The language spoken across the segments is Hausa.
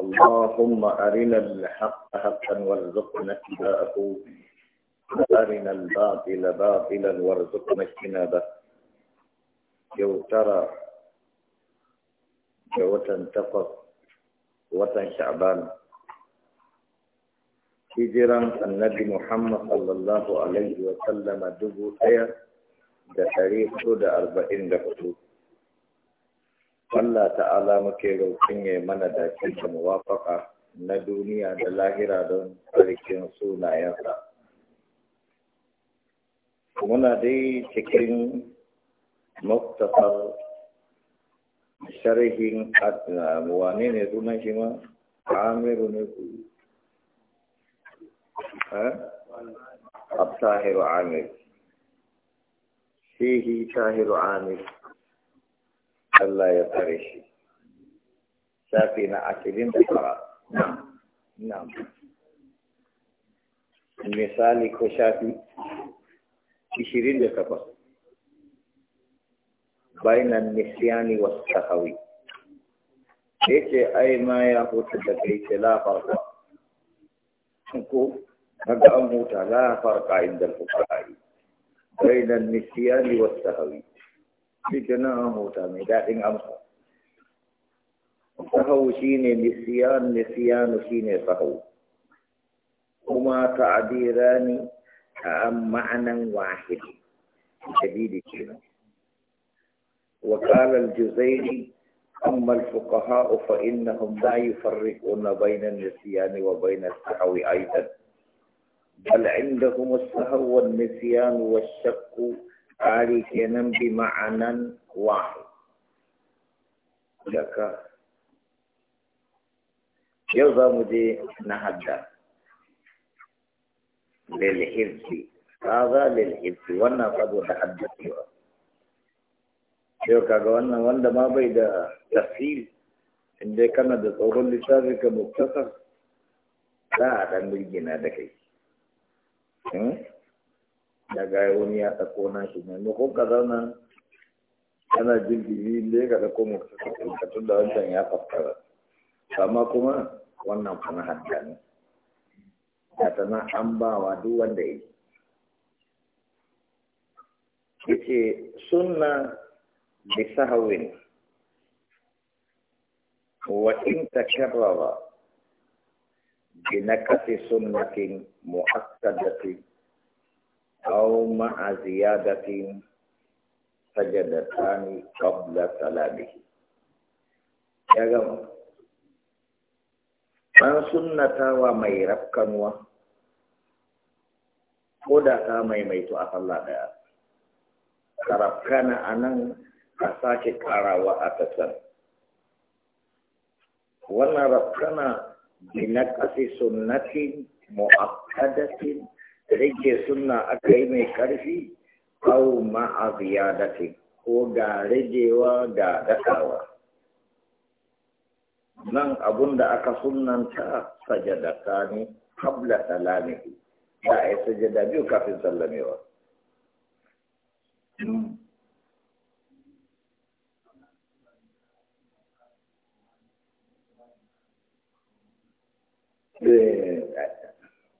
اللهم أرنا الحق حقا وارزقنا اتباعه وأرنا الباطل باطلا وارزقنا اجتنابه لو ترى جوتن تقف وطن شعبان في النبي محمد صلى الله عليه وسلم دبو خير ده تاريخ ده أربعين دقيقة Allah ta'ala muke roƙin ya mana da cikin muwafaka na duniya da lahira don tsarkin sunayensa. Muna dai cikin muktasar sharhin wane ne sunan shi ma? Amiru ne ku. Eh? Abtahiru Amir. Shehi Tahiru Amir. Allah ya tsare shi shafi na ashirin da tara na misali ko shafi ishirin da takwas bainan nisyani wasu tahawi yake ai ma ya huta da kai ce la farka ko kaga an huta la farka inda al-fuqaha bainan nisyani wasu tahawi shi kenan an huta mai daɗin amsa sahau shi ne nisiyan nisiyanu shi ne sahau kuma ta'adira ne a ma'anan wahidi jadidi kenan وقال الجزيري أما الفقهاء فإنهم لا يفرقون بين النسيان وبين السهو أيضا بل عندهم السهو والنسيان والشك ari kenan bi ma'anan wahid daga yau za mu je na hadda lilhirzi kaza lilhirzi wannan hadda cewa. yau kaga wannan wanda ma bai da tafsir inda kana da tsoron littafi ka muktasar za a ɗan birgina da kai hmm? daga wani ya ɗauko na shi maimakon ka zauna ana jin jini da ka ɗauko mu ka tun da wancan ya fassara amma kuma wannan kuma hanta ne da tana an ba wa duk wanda ya yi ce sunna bi sahawin wa in takarrara bi nakasi sunnatin mu'akkadatin au ma'aziya زيادة سجدتان قبل سلامه يا جماعة an sunnata wa mai rafkanuwa ko da ta maimaito a sallah daya karafkana a nan a sake karawa a tasar wannan rafkana bi na sunnatin mu'akkadatin rike suna aka yi mai ƙarfi au da date ko ga ragewa ga dakawa nan abun da aka sunanta sajadata ne habla salamihi da a yi sajada biyu kafin sallamewa eh,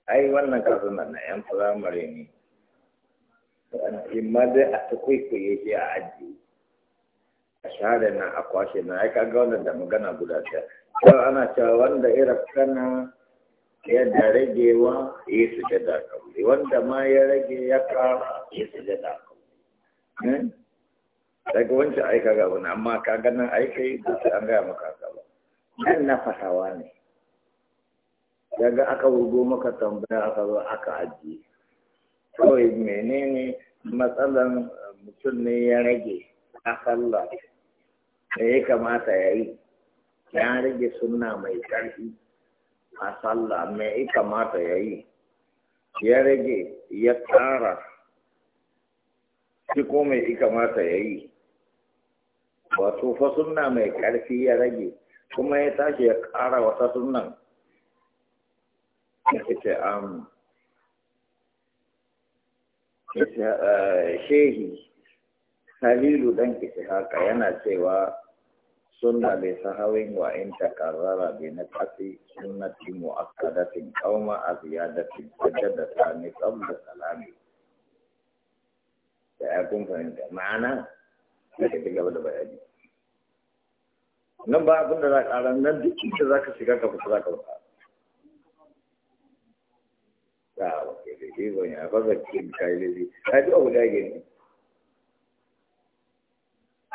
ai wannan kasar nan na yan firamare ne imma dai a ta kwaikwaye shi a aji a share na a kwashe na ya kaga wannan da magana guda ta ko ana cewa wanda ira kana da ragewa ya su da kauri wanda ma ya rage ya kara ya su da kauri hmm? daga wancan aika ga wani amma ka ganin aika yi da an gaya maka gaba nan na fasawa ne daga aka wugo maka tambaya aka zo aka ajiye kawai menene matsalan mutum ne ya rage a sallah da ya kamata ya yi ya rage suna mai ƙarfi a sallah me ya kamata ya yi ya rage ya tsara shi ko mai ya kamata ya yi wato fa suna mai ƙarfi ya rage kuma ya tashi ya ƙara wata sunan am um, uh, shehi halilu dan kishi haka yana cewa sunna bai sahawin wa in takarrara bi na kasi sunnati mu'akkadatin aw ma aziyadatin sajada sami qabla salami da ya kun fahimta ma'ana da ke gaba da bayani nan ba abin da za ka nan duk inda za ka shiga ka fita za ka fita ikon ya fasa cikin kayi laifi a duk abu da gani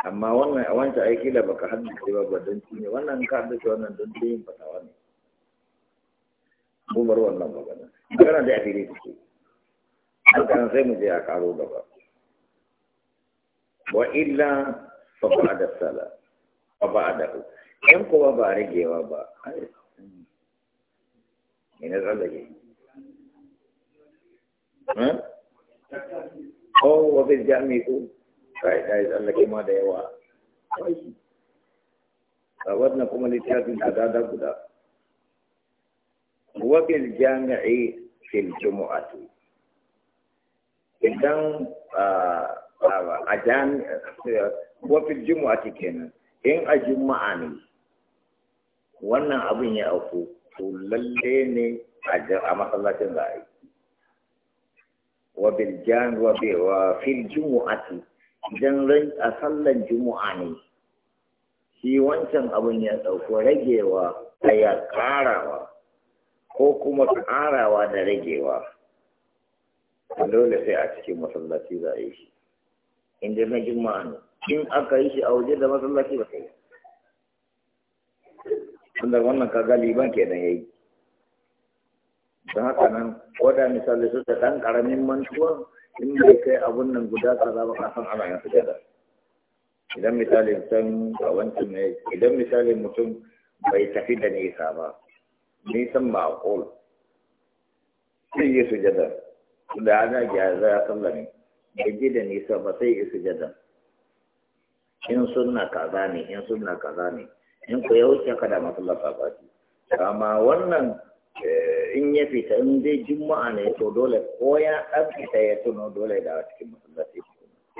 amma wannan a wancan aiki da baka hannu ce ba ba don ne wannan ka hannu ce wannan don yin fatawa ne bubar wannan magana magana da ya fi ne ce an sai mu je a karo gaba wa illa fa ba da sala fa ba da ku yan kuma ba rigewa ba ai ne na tsallake oh wa bil jami ko kai dai Allah ke ma da yawa a wannan kuma littafin da dada guda wa bil jami'i fil jumu'ati idan uh, uh, a jami'a wa fil jumu'ati kenan in a juma'a ne wannan abin ya auku to lalle ne a masallacin za a yi wa bil jan wa bi wa fil jumu'ati idan ran a sallan jumu'a ne shi wancan abun ya dauko ragewa da ya karawa ko kuma karawa da ragewa dole sai a cikin masallaci za a yi shi inda na juma'a ne in aka yi shi a waje da masallaci ba sai wannan kaga liban kenan yayi don haka nan koda misali su da ɗan ƙaramin mantuwa in bai kai abun nan guda za ba ka san ana yin sujada idan misali san a wancan ne idan misali mutum bai tafi da nisa ba nisan ba a ƙol sai yi sujada da ana gyara ya ne. bai ji da nisa ba sai yi sujada in sunna kaza ne in sunna kaza ne in ku ya wuce kada masu lafa amma wannan Eh, in ya fita in dai juma'a ne to dole ko ya ɗan fita ya tuno dole da cikin masallaci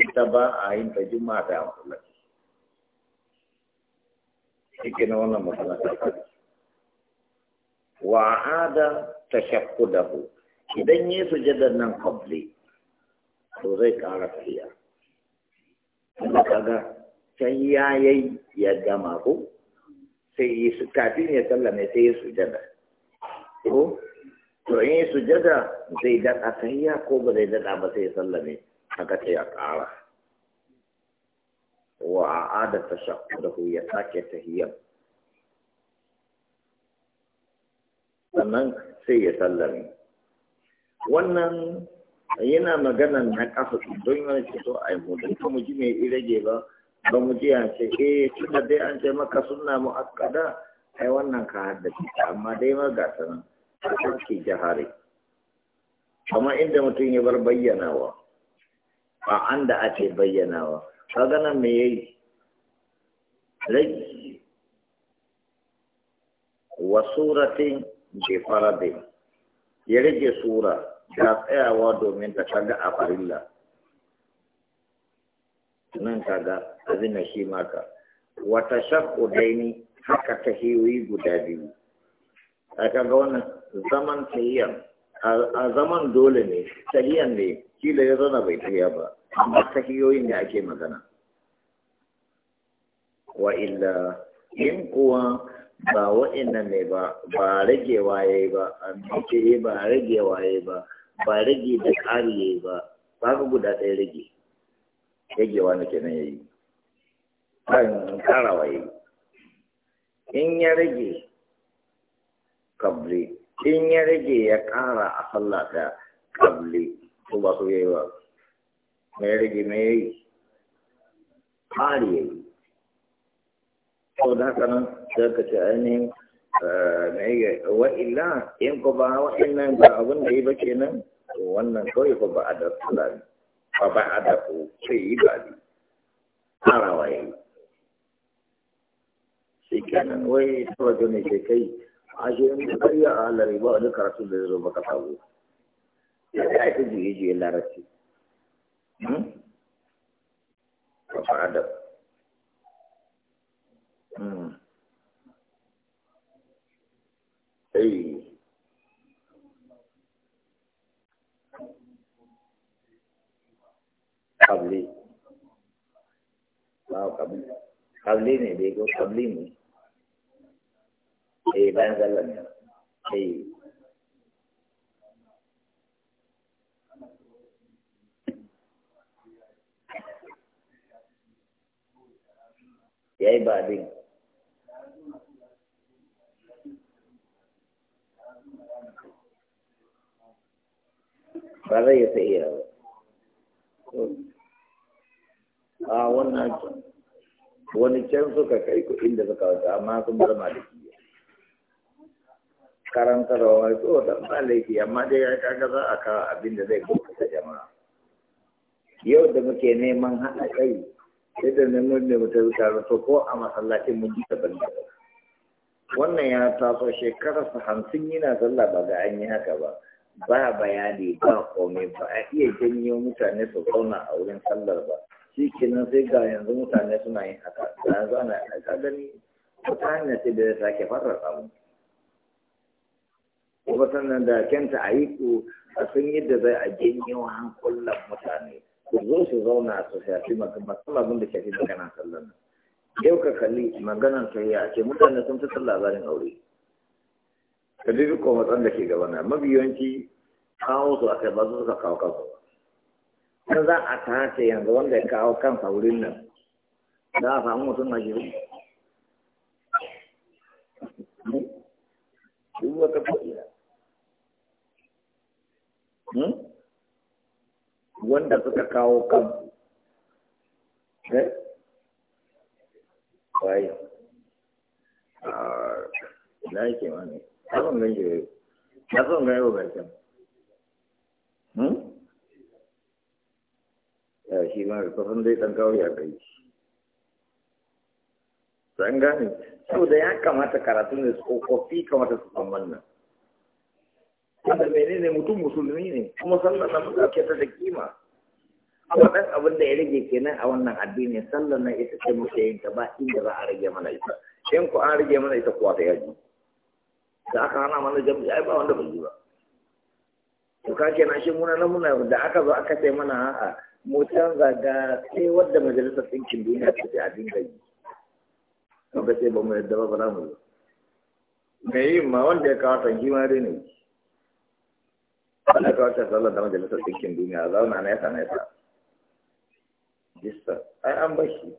ita ba a yin ta juma'a ta masallaci shi na wannan masallaci wa ada tashakkudahu idan ya jadar nan complete to zai ƙara tafiya da kaga can ya yayi ya gama ko sai yi su kafin ya sallame sai ya jadar ko to in sujada zai daɗa tahiyya ko ba zai dada ba sai sallame haka sai ya ƙara wa a'ada tashahhudahu ya sake tahiyya sannan sai ya sallame wannan yana magana na kafa don yana ce so a yi mutum ka mu ji mai irage ba ba mu ji an ce eh tunda dai an ce maka sunna mu'akkada ai wannan ka haddace amma dai ma ga ta nan sarki jahari amma inda mutum ya bar bayyanawa ba an da ake bayyanawa kaga nan me yayi rage wa suratin bi faradin ya rage sura da tsayawa domin ta kaga a farilla nan kaga azina shi maka wata shakku daini haka ta hiyoyi guda biyu a kaga wannan zaman tahiyan a zaman dole ne tahiyan ne kila ya zana bai tahiya ba amma tahiyoyin da ake magana wa illa in kuwa ba nan ne ba ba rage yi ba amince eh ba rage yi ba ba rage da yi ba ba ka guda ɗaya rage ragewa na kenan yayi kan ƙarawa yi. in ya rage kabli in ya rage ya ƙara a sallah ta kabli to ba su yi ba me ya rage me yayi ƙari yi. sau da haka nan za ka ce ainihin eh, wa illa in ko ba nan ba abin da yi ba kenan wannan kawai ko ba a da sallah ba ba a da ko sai yi ba ne ya yi. كان وي توجني كي كي عجين بريا على ربا لك رسول الله ربا كتابو يعني ايه تجي يجي الله رسي رفع عدب اي قبلي قبلي قبلي نه دیکھو قبلی نه eh bayan sallan ne eh ya yi badin ba zai yi sa'iya ba a ah, wannan wani can suka kai kuɗin da suka wata amma sun bar maliki karantarwa so da ba laifi amma dai ya kaga za a kawo abin da zai gurɓata jama'a yau da muke neman haɗa kai sai da neman da mutum taro to ko a masallacin mun ji daban daban wannan ya taso su hamsin yana zalla ba ga an yi haka ba ba bayani ba komai ba a iya janyo mutane su zauna a wurin sallar ba shi kenan sai ga yanzu mutane suna yin haka da zo ana ka gani wata da ya sake farrasa samu watan nan da kenta a yi ku a san yadda zai a janyo hankulan mutane ku zo su zauna a su shafi matsala abin da shafi maganan sallan nan yau ka kalli maganan tayya ce mutane sun fi san labarin aure ka ji ko matsan da ke gaba na mabiyanci kawo su aka ba su suka kawo kansu kan za a tace yanzu wanda ya kawo kansa wurin nan za a samu mutum na jiri duk wata ko'ina Hmm? wanda suka kawo kansu eh wai a ah, na yake ma ne ta son gan shi ta son gan yau garken hmm? ya shi ma kusan dai dan kawo ya kai zan gane sau da ya kamata karatun da tsofaffi kamata su san wannan da menene mutum musulmi ne kuma sallar na muka ake ta da kima amma dan abin da ya rage kenan a wannan addini sallar na ita ce muke yin ta ba inda za a rage mana ita in ku an rage mana ita kuwa ta yaji da aka hana mana jami'a ai ba wanda bai yi ba to ka kenan shi muna nan muna da aka zo aka ce mana a'a mu canza ga sai wadda majalisar ɗinkin duniya ta ce a dinga yi ka sai ba mu yadda ba ba za mu yi me yi ma wanda ya kawo tanki ma dai ne Ana kawo ta sallar da majalisar ɗinkin duniya zauna nesa nesa. Jista, ai an bashi,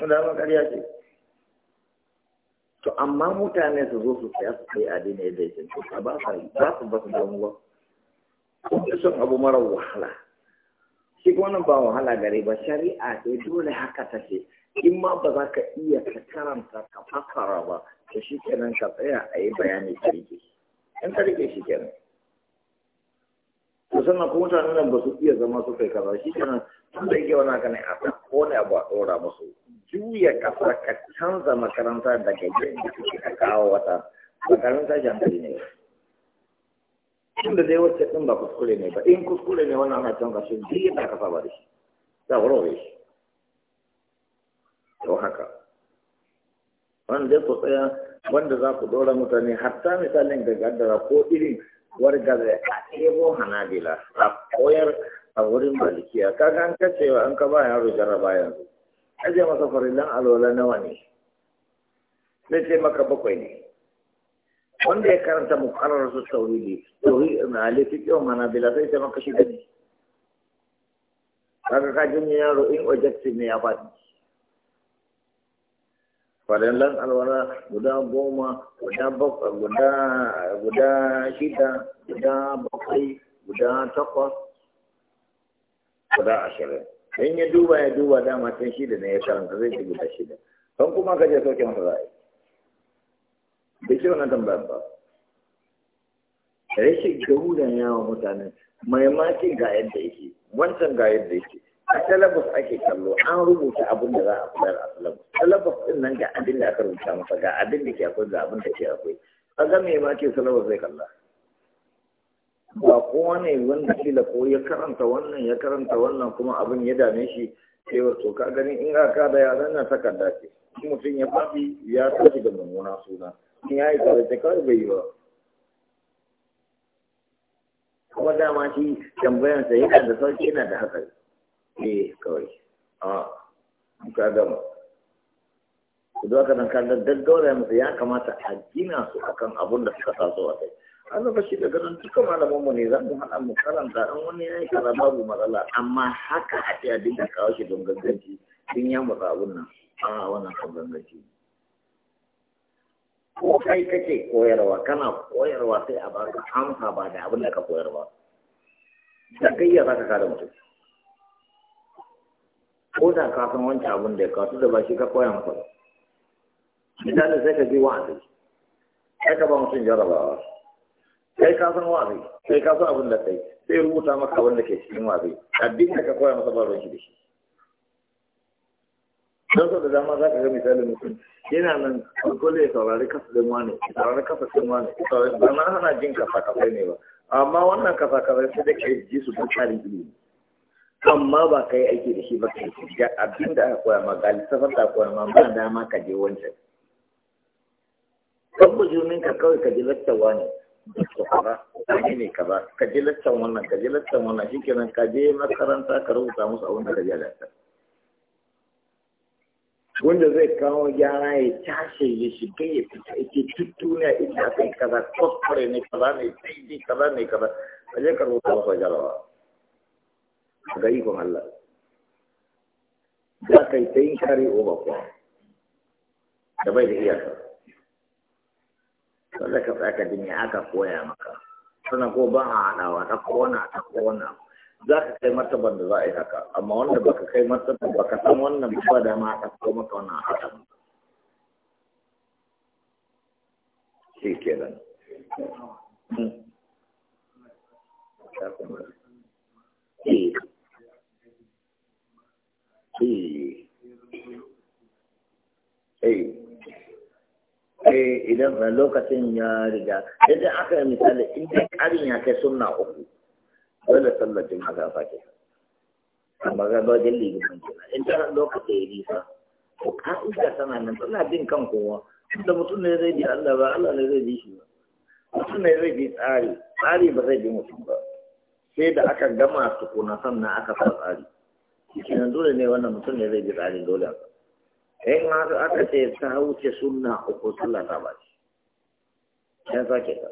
wanda zama ƙarya ce. To amma mutane su zo su tsaya su kai addini yadda ya cancanta ba sa yi, ba su ba su ba. Kuma son abu mara wahala. Shi wannan ba wahala gare ba shari'a ce dole haka take. In ma ba za ka iya ka karanta ka fassara ba, to shi kenan ka tsaya a yi bayani ka In ka rike shi kenan. musamman sannan ko mutanen nan ba su iya zama su kai kaza shi kenan tun da yake wani kana a san ko ne abu a tsora musu juya kasa ka canza makaranta daga gidan da suke ka kawo wata makaranta jantari ne tun da dai wacce din ba kuskure ne ba in kuskure ne wannan ana canza shi duk yadda ka saba da shi za a rawaye shi to haka wanda dai ku tsaya wanda za ku ɗora mutane hatta misalin ga gaddara ko irin wargaza a ɗebo hanabila a koyar a wurin malikiya kaga an kacewa an ka ba yaro jarraba yanzu aje masa farillan alola nawa ne sai ce maka bakwai ne wanda ya karanta mukarar su tauridi tauri na alifi kyau bila sai ce maka shida ne kaga ka jinya yaro in objective ne ya faɗi farallan alwala guda goma guda guda guda shida guda bakwai guda takwas guda ashirin in ya duba ya duba dama can shida ne ya karanta zai ci guda shida kan kuma ka je sauke masa za'a da ke wani tambayar ba rashin gahudan yawon mutane mai maki ga yadda yake wancan ga yadda yake a talabus ake kallo an rubuta abin da za a koyar a talabus talabus din nan ga abin da aka rubuta masa ga abin da ke akwai ga abin da ke akwai a ga me ma ke talabus zai kalla ba kowa ne wanda kila ko ya karanta wannan ya karanta wannan kuma abin ya dame shi sai wato ka gani in aka kada ya zanna takarda ce mutum ya faɗi ya tashi da mummuna suna in ya yi karanta kawai bai yi ba kuma dama shi tambayansa yana da sauki yana da hatsari eh kawai a ka gama ku zuwa kanan kanar daddawar ya musu ya kamata a gina su akan abun da suka taso a kai an zaba shi daga nan duka malamanmu ne za mu haɗa mu karanta an wani ya yi kara babu matsala amma haka a ce a dinga kawo shi don ganganci sun ya mutsa abin nan a wannan kan ganganci ko kai kake koyarwa kana koyarwa sai a ba ka amsa ba da abin da ka koyarwa da gayyar za ka kada mutum ko da ka san wancan abin da ya kawo da ba shi ka koya maka ba misali sai ka ji wa'azi sai ka ba mutum jarabawa kai ka san wa'azi sai ka san abin da kai sai rubuta maka abin da ke cikin wa'azi addin da ka koya masa ba ruwan shi da shi don sau da dama za ka ga misalin mutum yana nan dole ya saurari kasafin wani ya saurari kasafin wani ya saurari ba na hana jin kasa kasai ne ba amma wannan kasa kasai sai da ke ji su duk tsari ilimi amma ba ka yi aiki da shi ba ka yi ga abin da aka koya ma ga lissafin da koya ma ba dama ka je wancan kan bujumin ka kawai ka ji lattawa ne to kaza ne ka ba ka ji lattan wannan ka ji lattan wannan kenan ka je makaranta ka rubuta musu abin da ka ji lattan wanda zai kawo gyara ya tashe ya shiga ya fita ake tuttuna ita a kai kaza kuskure ne kaza ne daidai kaza ne kaza a je ka rubuta musu jarawa ga ikon Allah za ka yi ta yin kare uba kuwa da bai da iyaka wanda ka tsaka din aka koya maka sannan ko ban a haɗawa ta kona ta kona za ka kai martaban da za a yi haka amma wanda baka kai martaban baka san wannan ba da ma a ɗauko maka wannan a haɗa shi kenan hmm. eh, Hmm. idan lokacin ya riga yadda aka yi misali inda ƙarin ya kai suna uku dole sallar juma'a ga fake amma ga bajin ligiman kina inda ta lokacin ya nisa ko ka'ida tana nan tana bin kan kowa da mutum ne zai bi Allah ba Allah ne zai bi shi ba mutum ne zai bi tsari tsari ba zai bi mutum ba sai da aka gama tukuna sannan aka sa tsari kenan dole ne wannan mutum ne zai ji tsarin dole ba ma su aka ce ta wuce suna uku sallah ta bace ya sake ta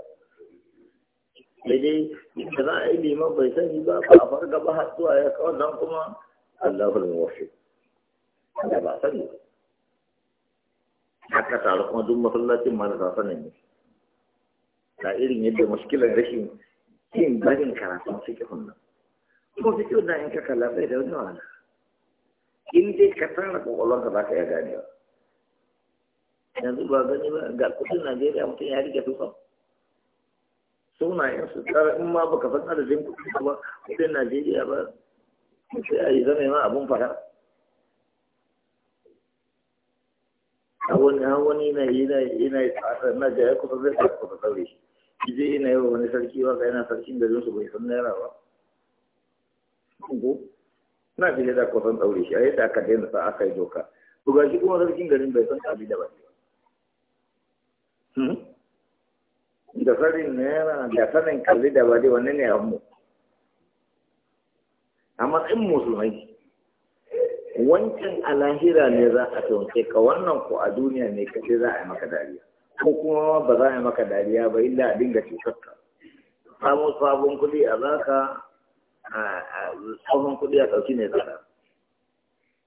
sai dai da za a yi liman bai sani ba ba a farga ba har zuwa ya kawo nan kuma Allahul wafi da ba sani ba haka tare kuma duk masallacin ma da sanin ne da irin yadda muskilar rashin yin barin karatun suke kunnan ko fi kyau da in ka da wani wahala in dai ka tara kwakwalwar ka ba ka ya ba yanzu ba gani ba ga kudin najeriya mutum ya rike tufa sunayen su tsara in ma baka san adadin kudin ba najeriya ba sai a yi ma abun fara a wani an wani yana yana yana tsara na ga ya kusa zai tsara kusa sauri shi yi wani sarki yana sarkin garin su bai naira ba ko na fi da ko san daure shi a yadda aka daina sa aka yi doka to gashi kuma sarkin garin bai san abin da ba hmm? da sanin naira da sanin kalli da ba dai wannan ne mu a matsayin musulmai wancan a lahira ne za a taunce ka wannan ko a duniya ne kace za a yi maka dariya ko kuma ba za a yi maka dariya ba illa a dinga cutar ka samu sabon kuɗi a zaka tsohon kuɗi a ɗauki ne tsada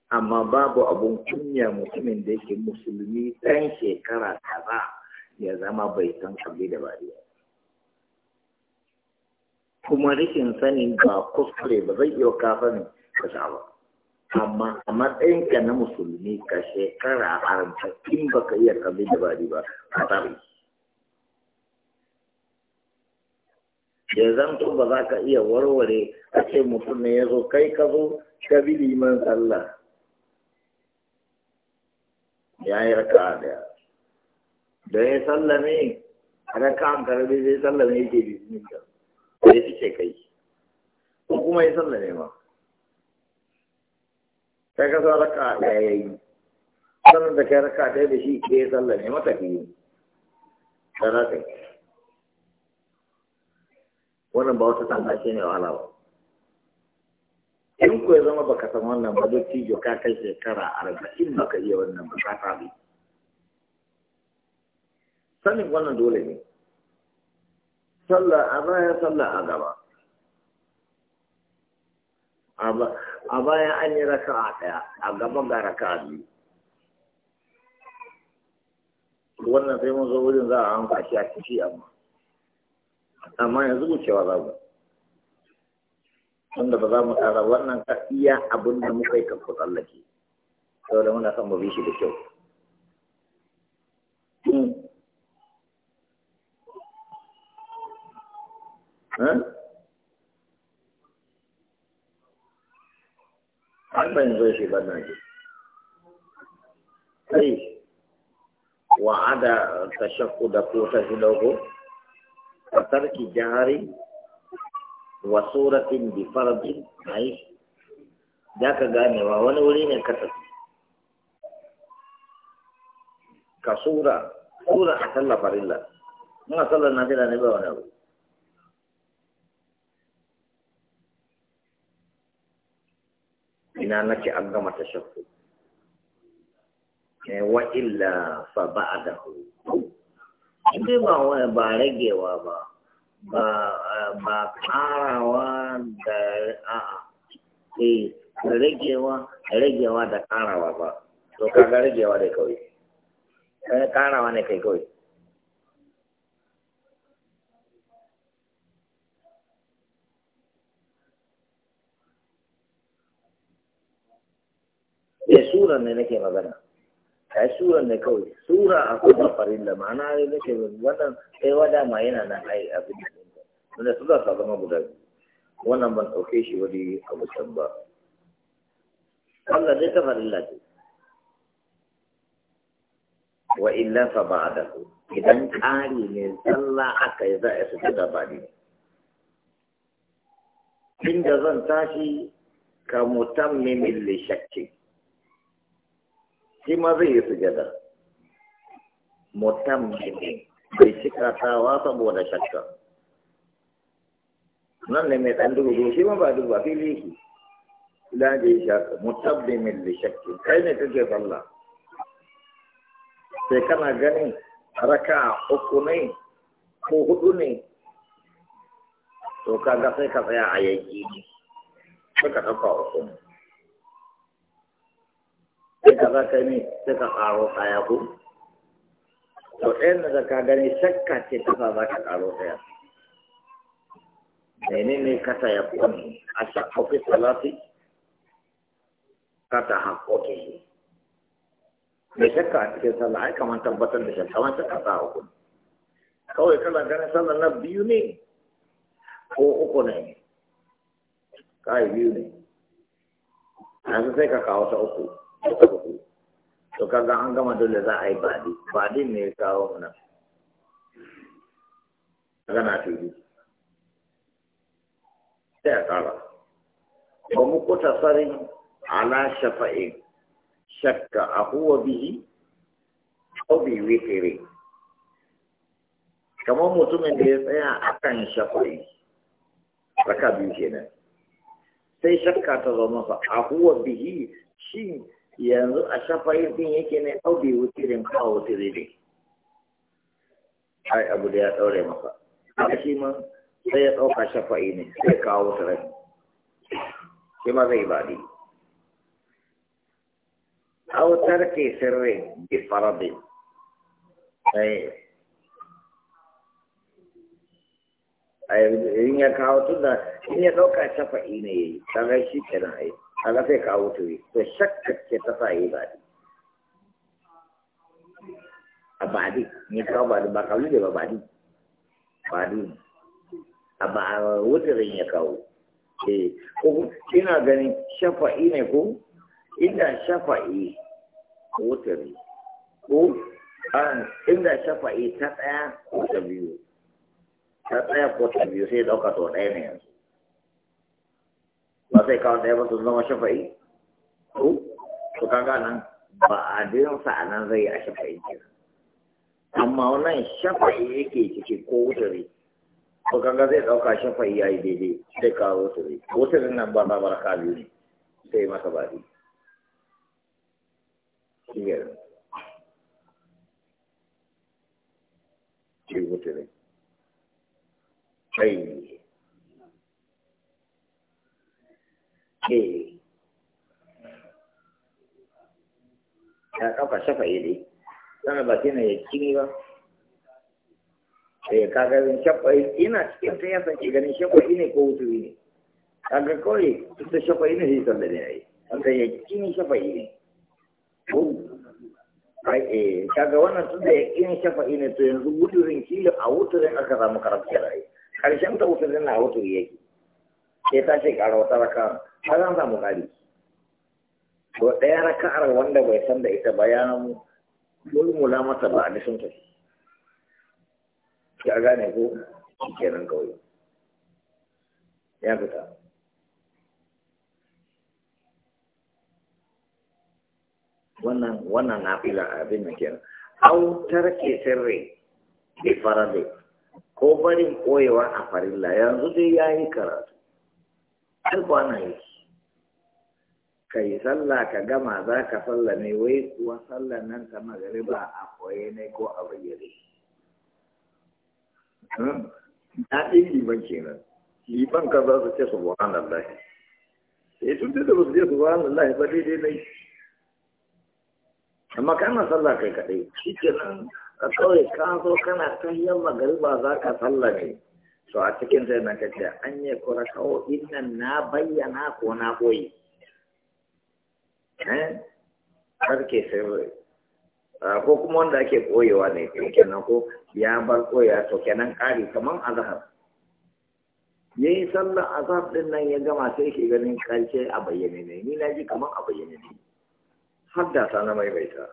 amma babu abun kunya mutumin da yake musulmi ɗan shekara kaza ya zama bai san kalli da bariya kuma rikin sanin ba kuskure ba zai iya kafa ne ka sha ba amma a matsayinka na musulmi ka shekara a haramta in baka iya kalli da bari ba ka tare ya zanto ba za ka iya warware a ce mutum ne ya zo kai ka zo ka bi liman sallah ya yi raka daya da ya sallame raka an karbe zai sallame yake bismillah sai fice kai ko kuma ya sallame ma kai ka sa raka daya ya yi sannan da kai raka daya da shi ke sallame mata biyu yi wannan ba wata sanda ce ne wahala ba in ko ya zama baka san wannan ba zai cijo ka kai shekara arba'in ka iya wannan ba ka bi? sanin wannan dole ne sallah a baya sallah a gaba a baya an yi raka a ɗaya a gaba ga raka a biyu wannan sai mun zo wurin za a an kwashi a ciki amma amma yanzu wucewa za mu wanda ba za mu tsara wannan ka iya abin da muka yi kanku tsallake da muna son mu shi da kyau hmm. hmm? An ban zo shi ba na ji. Ai, wa'ada ta shakku da ko ta shi dauko وترك جهر وصورة بفرض عيش ذاك غاني وانا ولينا كتب كصورة صورة أصلى فريلا ما صلى النافلة نبي وانا أقول ina nake an gama ta shakku wa illa fa ba'dahu inda ba wani ba ragewa ba ba karawa da a'a eh ragewa ragewa da karawa ba to kaga ragewa da kawai kai karawa ne kai kawai Ya eh, sura ne nake magana kai suran ne kawai sura akwai mafarin da ma'ana ne ke wannan sai wada ma yana nan ai abin da wanda su za su zama guda biyu wannan ban ɗauke shi wani abu can ba Allah zai ta farilla ce wa illa fa ba'da idan ƙari ne sallah aka yi za a su da ba ne inda zan tashi ka mutammimin li shakki shi ma zai yi sujada mutum ne bai cika tawa saboda shakka nan ne mai ɗan duhu shi ma ba duba fili shi ila da ya shaka mutum ne mai da shakki kai ne kake sallah sai kana ganin raka uku ne ko hudu ne to kaga sai ka tsaya a yanki ne sai ka ɗauka uku ne sai ka za ka yi sai ka ƙaro kaya ko to ɗayan da ka gani shakka ce ta za ka ƙaro ɗaya ne ne ka ta yakon a shakofi salati ka ta haƙoƙi mai shakka a cikin sallah ai kamar tabbatar da shakka wani shakka ta hukun kawai kana ganin sallah na biyu ne ko uku ne kai biyu ne yanzu sai ka kawo ta uku to kaga an gama dole za a yi baɗi baɗi ne ya kawo mu nan magana fili sai a ƙara ba mu kuta sarin ala shafa'in shakka a huwa bihi ko bi wikiri kamar mutumin da ya tsaya a kan shafa'i raka biyu kenan sai shakka ta zama fa a huwa bihi shi yanzu a shafayin din yake ne au bi wutirin ko a wutiri ne ai abu da ya daure maka haka shi ma sai ya ɗauka shafa'i ne sai kawo wutirin shi ma zai baɗi au tarke sirrin bi faradin a in ya kawo tunda in ya ɗauka shafa'i ne ya yi shi kenan ai kaga sai kawo turi to shakkar ce ta sa yi baɗi a baɗi ne kawo baɗi ba kawo da ba baɗi baɗi ne a ba a wutarin ya kawo eh ko ina ganin shafa'i ne ko inda shafa'i wutari ko inda shafa'i ta tsaya ko ta biyu ta tsaya ko ta biyu sai ɗauka to ɗaya ne yanzu ba sai kawo ɗaya ba su zama shafa'i ko to kaga nan ba a dinsa a nan zai yi a shafa'i kenan amma wannan shafa'i yake ciki ko wutare ko kaga zai ɗauka shafa'i ya yi daidai sai kawo wutare wutare nan ba ba barka biyu ne sai masa baɗi shigar ce wutare sai eh ya ɗauka shafa'i dai sana ba tana ya kini ba eh kaga yin shafa'i ina cikin ta ya sanke ganin shafa'i ne ko wuturi ne kaga kawai ita shafa'i ne zai sallah ne ai wanda ya kini shafa'i ne ai eh, kaga wannan tun da ya kini shafa'i ne to yanzu wuturin kilo a wuturin aka samu karatu rai karshen ta wuturin na wuturi yake sai ta ce ƙara wata raka har an samu ƙari to ɗaya ka'ar wanda bai san da ita ba ya mulmula masa ba a sun tafi ya gane ko kenan kawai ya fita wannan wannan fila abin nan kenan au tarke sirri bi farade ko barin koyewa a farilla yanzu dai yi karatu na yi Kai sallah ka gama za ka sallame wai kuwa sallah nan ta magariba a koye ne ko a bayyane ɗin hmm? liban kenan liban ka za su ce su buhan lahi. Eh, sai tun da ba su ce su buhan lahi ba daidai ne amma kana sallah kai kaɗai shi kenan a kawai ka zo kana ta yin magariba za ka sallame to a cikin sai na kace an yi kura kawo innan na bayyana ko na koyi Eh? sarki sirri ah, ko kuma wanda ake koyewa ne kenan ko ya bar koya to kenan kari kaman azhar ya yi sallar azhar din nan ya gama sai ke ganin karshe a bayyane ne ni na ji kaman a bayyane ne har da ta na ta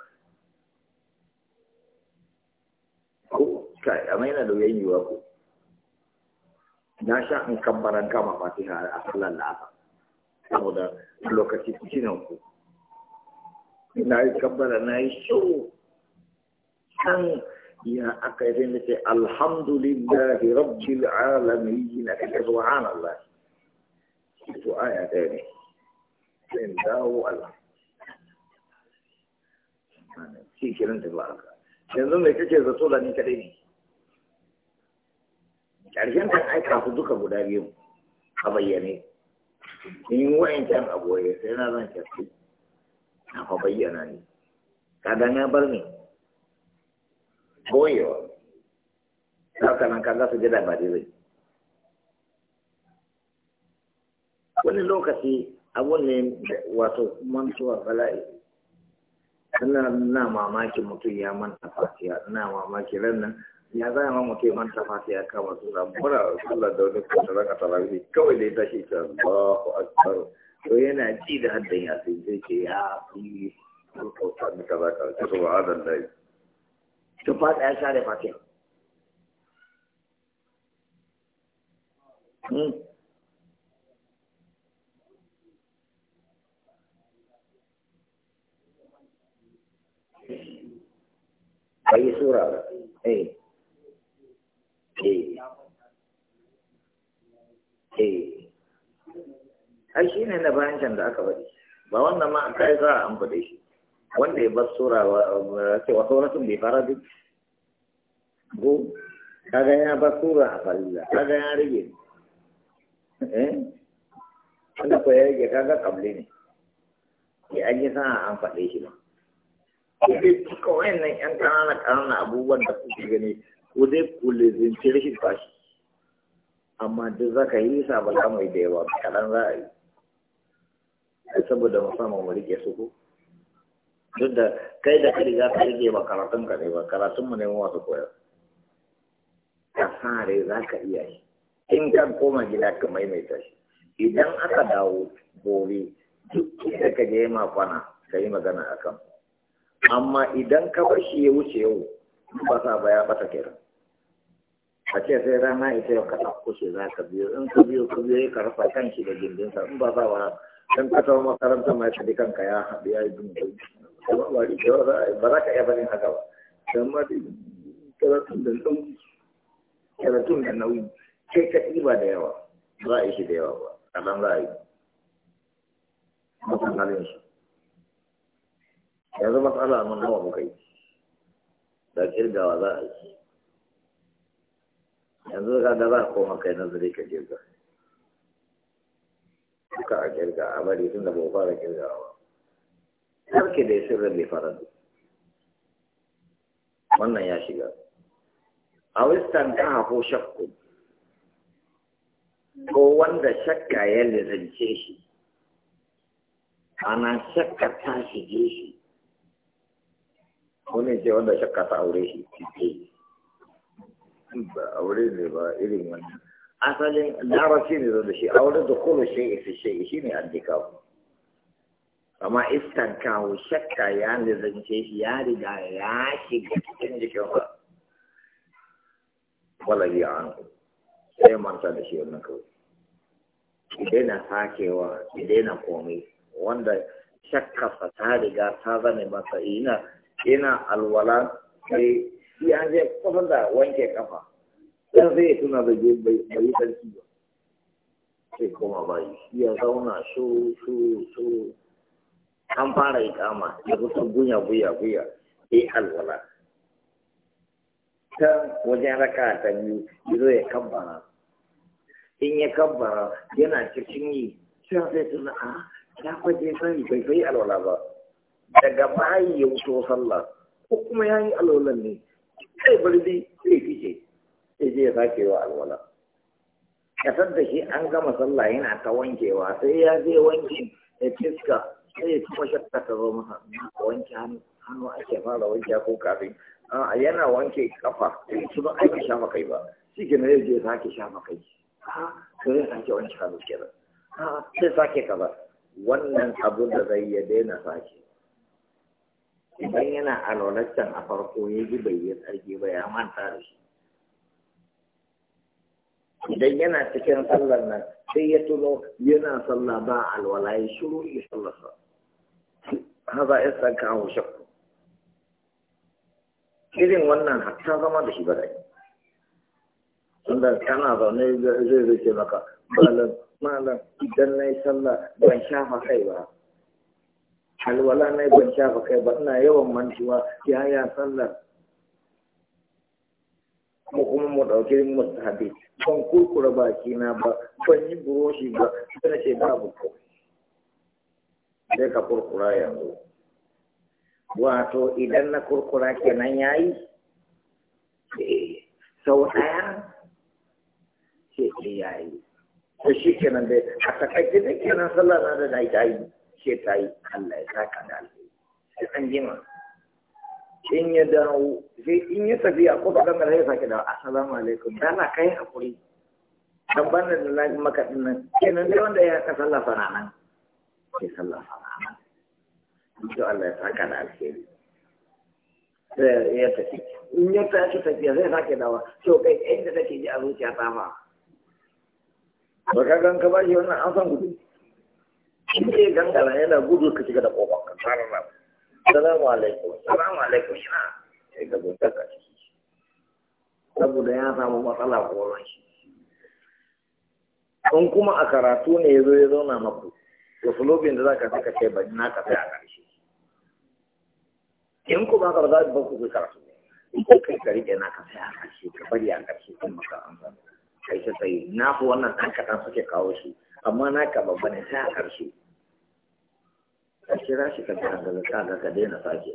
ko kai amma yana da wuyan wa ko na sha in kambaran kama fatiha a sallar da saboda lokaci cinan ku na yi kabbara na yi shiru can ya aka yi zai ce alhamdulillahi rabbil alamin na kake subhanallah to aya ɗaya ne sai dawo Allah shi kiran ta ba aka yanzu mai kake zato da ni kadai ne ƙarshen kan aika su duka guda biyu a bayyane in yi wa'in can a goye sai na zan kyasi na fa bayyana ne kaga ni, bar ne boyewa haka nan kaga su jira ba dai wani lokaci abun ne wato mantuwa bala'i ina na mamaki mutu ya man fatiya na mamaki rannan ya za ma mutum ya manta fatiya kama suna mura suna da wani kusurar a kawai da ya tashi ta ba ku akbar to yana ji da haddan ya zai ce ya fi kauta na kaza kaza to ba hadan yi. to fa ya share fatin hmm. Ayi sura ba. Eh. Eh. Eh. ai shi ne na bayan can da aka bari ba wannan ma an kai za a an faɗe shi wanda ya bar sura cewa sauratun bai fara duk go kaga ya bar sura a falila kaga ya rage eh wanda ko ya rage kaga kable ne ya an yi sa an faɗe shi ba. Ko Kuɗi duka wayannan ‘yan ƙanana ƙanana abubuwan da kuke gani ko dai ku lizinci rashin fashi, amma duk za ka yi sa ba za da yawa kaɗan za a yi. saboda musamman mu rike su ko duk da kai da ka za ka rike ba karatun ka ne ba karatun mu ne mu wasu koyar ka sare za ka iya shi in kan koma gida ka maimaita shi idan aka dawo gobe duk da ka je ma kwana ka yi magana a kan amma idan ka bar shi ya wuce yau ba sa ba ya bata kira a ce sai rana ita yau ka ɗauko shi za ka biyo in ka biyo ka biyo ka rufa kan shi da gindinsa in ba sa ba dan ka makaranta mai tafi kanka ya haɗu ya yi dumbin ba za ka iya barin haka ba don ma karatun da nauyi karatun da nauyi sai ka ɗiba da yawa ba a yi shi da yawa ba kaɗan za a yi mutan halin su yanzu matsala mun nawa muka yi da kirgawa za a yi yanzu ka da za a koma kai nazari ka jirga duka a kirga a bari tun da ba fara kirgawa sarki dai sirrin bai fara wannan ya shiga a wistan ta ko shakku ko wanda shakka ya lirance shi ana shakka ta shige shi wani ce wanda shakka ta aure shi ba aure ne ba irin wannan asalin larabci ne zo da shi a wani dukulu shi fi shi shi ne addikawo amma iskan kawo shakka ya lizance shi ya riga ya shiga cikin jikinsa wala biya an sai manta da shi wannan kawai ki daina sakewa ki daina komai wanda shakkarsa ta riga ta zane masa ina ina alwala sai ya je kusan da wanke kafa dan sai ya tuna da je bai yi sarki ba sai kuma shi ya zauna so so so an fara kama ya fito gunya guya guya eh alwala ta wajen raka ta biyu yazo ya kabbara in ya kabbara yana cikin yi sai sai tuna a ah, ya kwaje yi bai fai alwala ba daga bayi ya wuto sallah ko kuma ya yi alwalan ne sai bari dai sai sai je ya sake wa alwala kasar da shi an gama sallah yana ta wankewa sai ya je wankin ya fiska sai ya kuma shakka ta zo masa a wanke hannu ake fara wanke ko kafin yana wanke kafa su ba aiki shafa kai ba shi ke nan je sake shafa kai sai ya sake wanke hannu kenan sai sake kaza wannan abu da zai ya daina sake idan yana alwalaccen a farko ya ji bai yi tsarki ba ya manta da shi idan yana cikin sallar nan sai ya tuno yana sallah ba alwala ya shuru ya sa haza ya san kawo shakku irin wannan hatta zama da shi ba dai tunda kana zaune zai zuce maka malam malam idan na yi sallah ban shafa kai ba alwala na ban shafa kai ba ina yawan mantuwa yaya sallar ko kuma mu masu mustahabi ban kurkura baki na ba ban yi buroshi ba sai ce babu ko sai ka kurkura yanzu wato idan na kurkura kenan yayi eh, sau ɗaya ce ce yayi to shi kenan dai a takaice dai kenan sallah na da ta yi ce ta yi Allah ya saka da alheri sai an jima in ya dawo sai in ya tafi a kofar kan sake assalamu alaikum kai hakuri da na maka din nan wanda ya ka sallah nan sai sallah nan to Allah ya saka da alheri sai ya tafi in ya sake to kai inda take a zuciya ta ma ba ka gan ba shi wannan an san gudu gangara yana gudu ka shiga da kofar ka tsara rabu salamu alaikum salamu alaikum ina sai ka zo saboda ya samu matsala koron shi in kuma a karatu ne ya zo ya zauna maku wasu lobin da za ka saka ce ba na ka sai a ƙarshe in ku ba ka ba za ba ku karatu in ku kai ka riƙe na ka sai a ƙarshe ka bari a ƙarshe kuma maka an samu kai sai na ku wannan ɗan kaɗan suke kawo shi amma na ka babba ne sai a ƙarshe ka kira shi ka kira da ga ka daina sake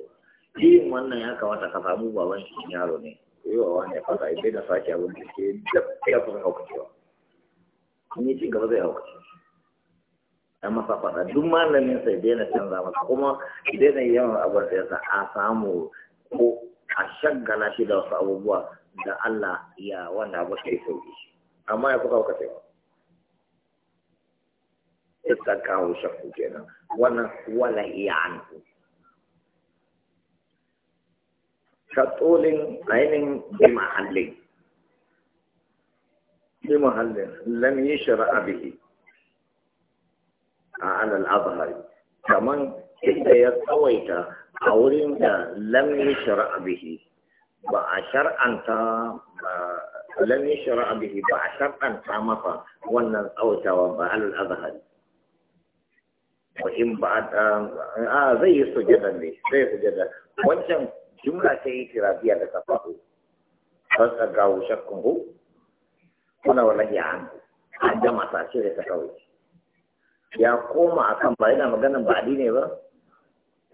yi wannan ya kamata ka samu baban shi yaro ne yiwa wani fata ya daina sake abin da ke ya kusa haukacewa in yi ci gaba zai haukace ya masa fata duk malamin sai daina canza masa kuma daina yawan abin da yasa a samu ko a shaggala shi da wasu abubuwa da Allah ya wanda abu sai sauki amma ya kusa haukacewa. Ita kawo shakku kenan. ونهي يعني. عنه كطول عين بمحل بمحل لم يشرع به على الأظهر كمان إذا يتويت أولين لم يشرع به بأشر أنت لم يشرع به بأشر أنت مطا أوتا وبأل الأظهر wa in ba a ah, ah, zai yi sujada ne zai yi sujada wancan jumla ta yi tirabiya da ta faɗo kan ka gawo shakkun ko kuna wani ya an an da ta ce da ta kawai ya koma akan ba yana maganin ba ne ba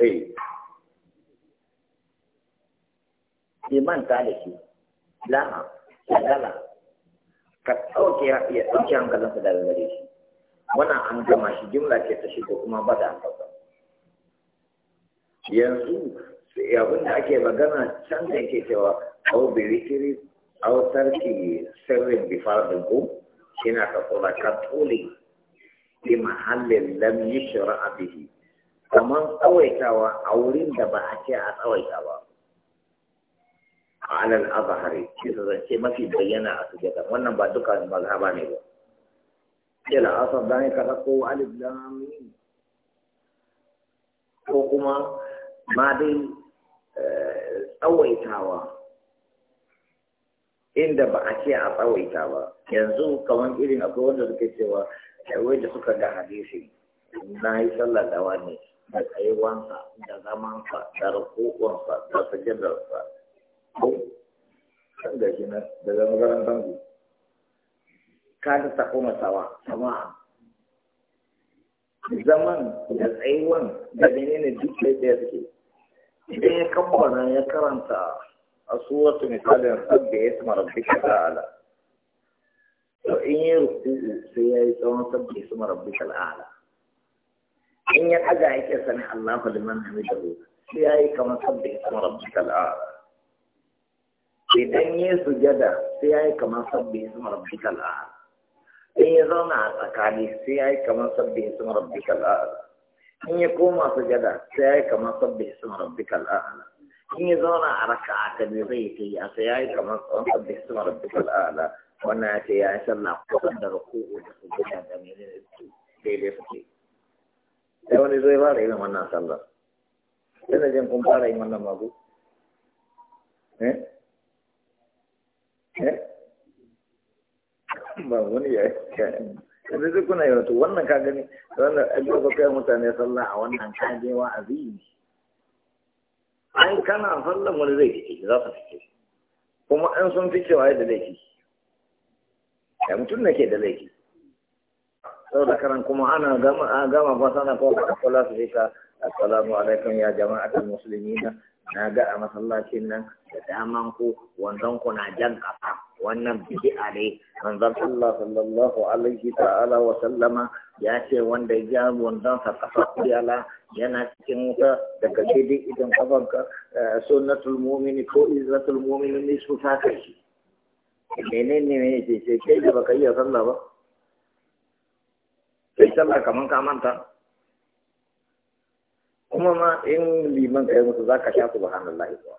eh iman ta da shi la'a shagala ka ɗauke ya ɗauke hankalinsa da gare shi wannan an gama shi jimla ce ta shiga kuma ba da amfasa yanzu abin da ake magana can da yake cewa au birikiri au tarki sirrin bifar da go shi na katoli bi mahallin lam yi a bihi kamar tsawaitawa a wurin da ba a ce a tsawaita a alal azahari shi zance mafi bayyana a sujada wannan ba duka mazhaba ne ba sai la'asar bayan ka ɗauko alif lamin ko kuma ma dai eh, tsawaitawa inda ba a ce a tsawaita ba yanzu kamar irin akwai wanda suke cewa wai da suka ga hadisi na yi sallar da wani da tsayuwansa da zamansa da rukukunsa da sujadarsa ko kan gashi na daga makarantar ku kada ta kuma sawa sama zaman da tsayuwan da ne duk da ya suke idan ya kammala ya karanta a suratu misalin sabbi ya sama rabbika ta'ala to in yi ruku'u sai ya yi tsawon sabbi ya sama rabbika ta'ala in ya ɗaga yake sani Allah Allahu liman ruwa sai ya yi kamar sabbi ya sama rabbika ta'ala idan ya sujada sai ya yi kamar sabbi ya sama rabbika ta'ala in ya zauna a sai ya yi kamar sabbin sun rabbi kal'a'ala in ya koma su sujada sai ya yi kamar sabbin sun rabbi kal'a'ala in ya zauna a raka a ta zai ta yi a sai ya yi kamar tsawon sabbin sun rabbi kal'a'ala wannan ya ce ya yi sallah kusan da ruku'u da sujada da mene ne su daidai ke. sai wani zai fara yin wannan sallar yana jin kun fara yin wannan mago eh eh ba wani ya yanzu zai kuna yi wato wannan ka gani wannan ajiyar ba mutane sallah a wannan kajewa a yi. an kana sallan wani zai fice za su fice kuma an sun fice waye da laifi ya mutum na ke da laifi sau da karan kuma ana gama gama ba sana kawai da kula su fita assalamu alaikum ya jama'atul muslimina na ga a masallacin nan da daman ku ku na jan kafa wannan bihi alai. manzon Allah sallallahu alaihi ta'ala wa sallama ya ce wanda ya ja wanzan sa kafa kuyala yana cikin wuta daga daidai idan kafan ka eh, sunnatul mu'mini ko izzatul mu'mini ne su ta kai menene ne ce ce kai ba kai ya sallah ba kai sallah kaman ka manta kuma ma in liman kai musu za ka sha su subhanallahi ba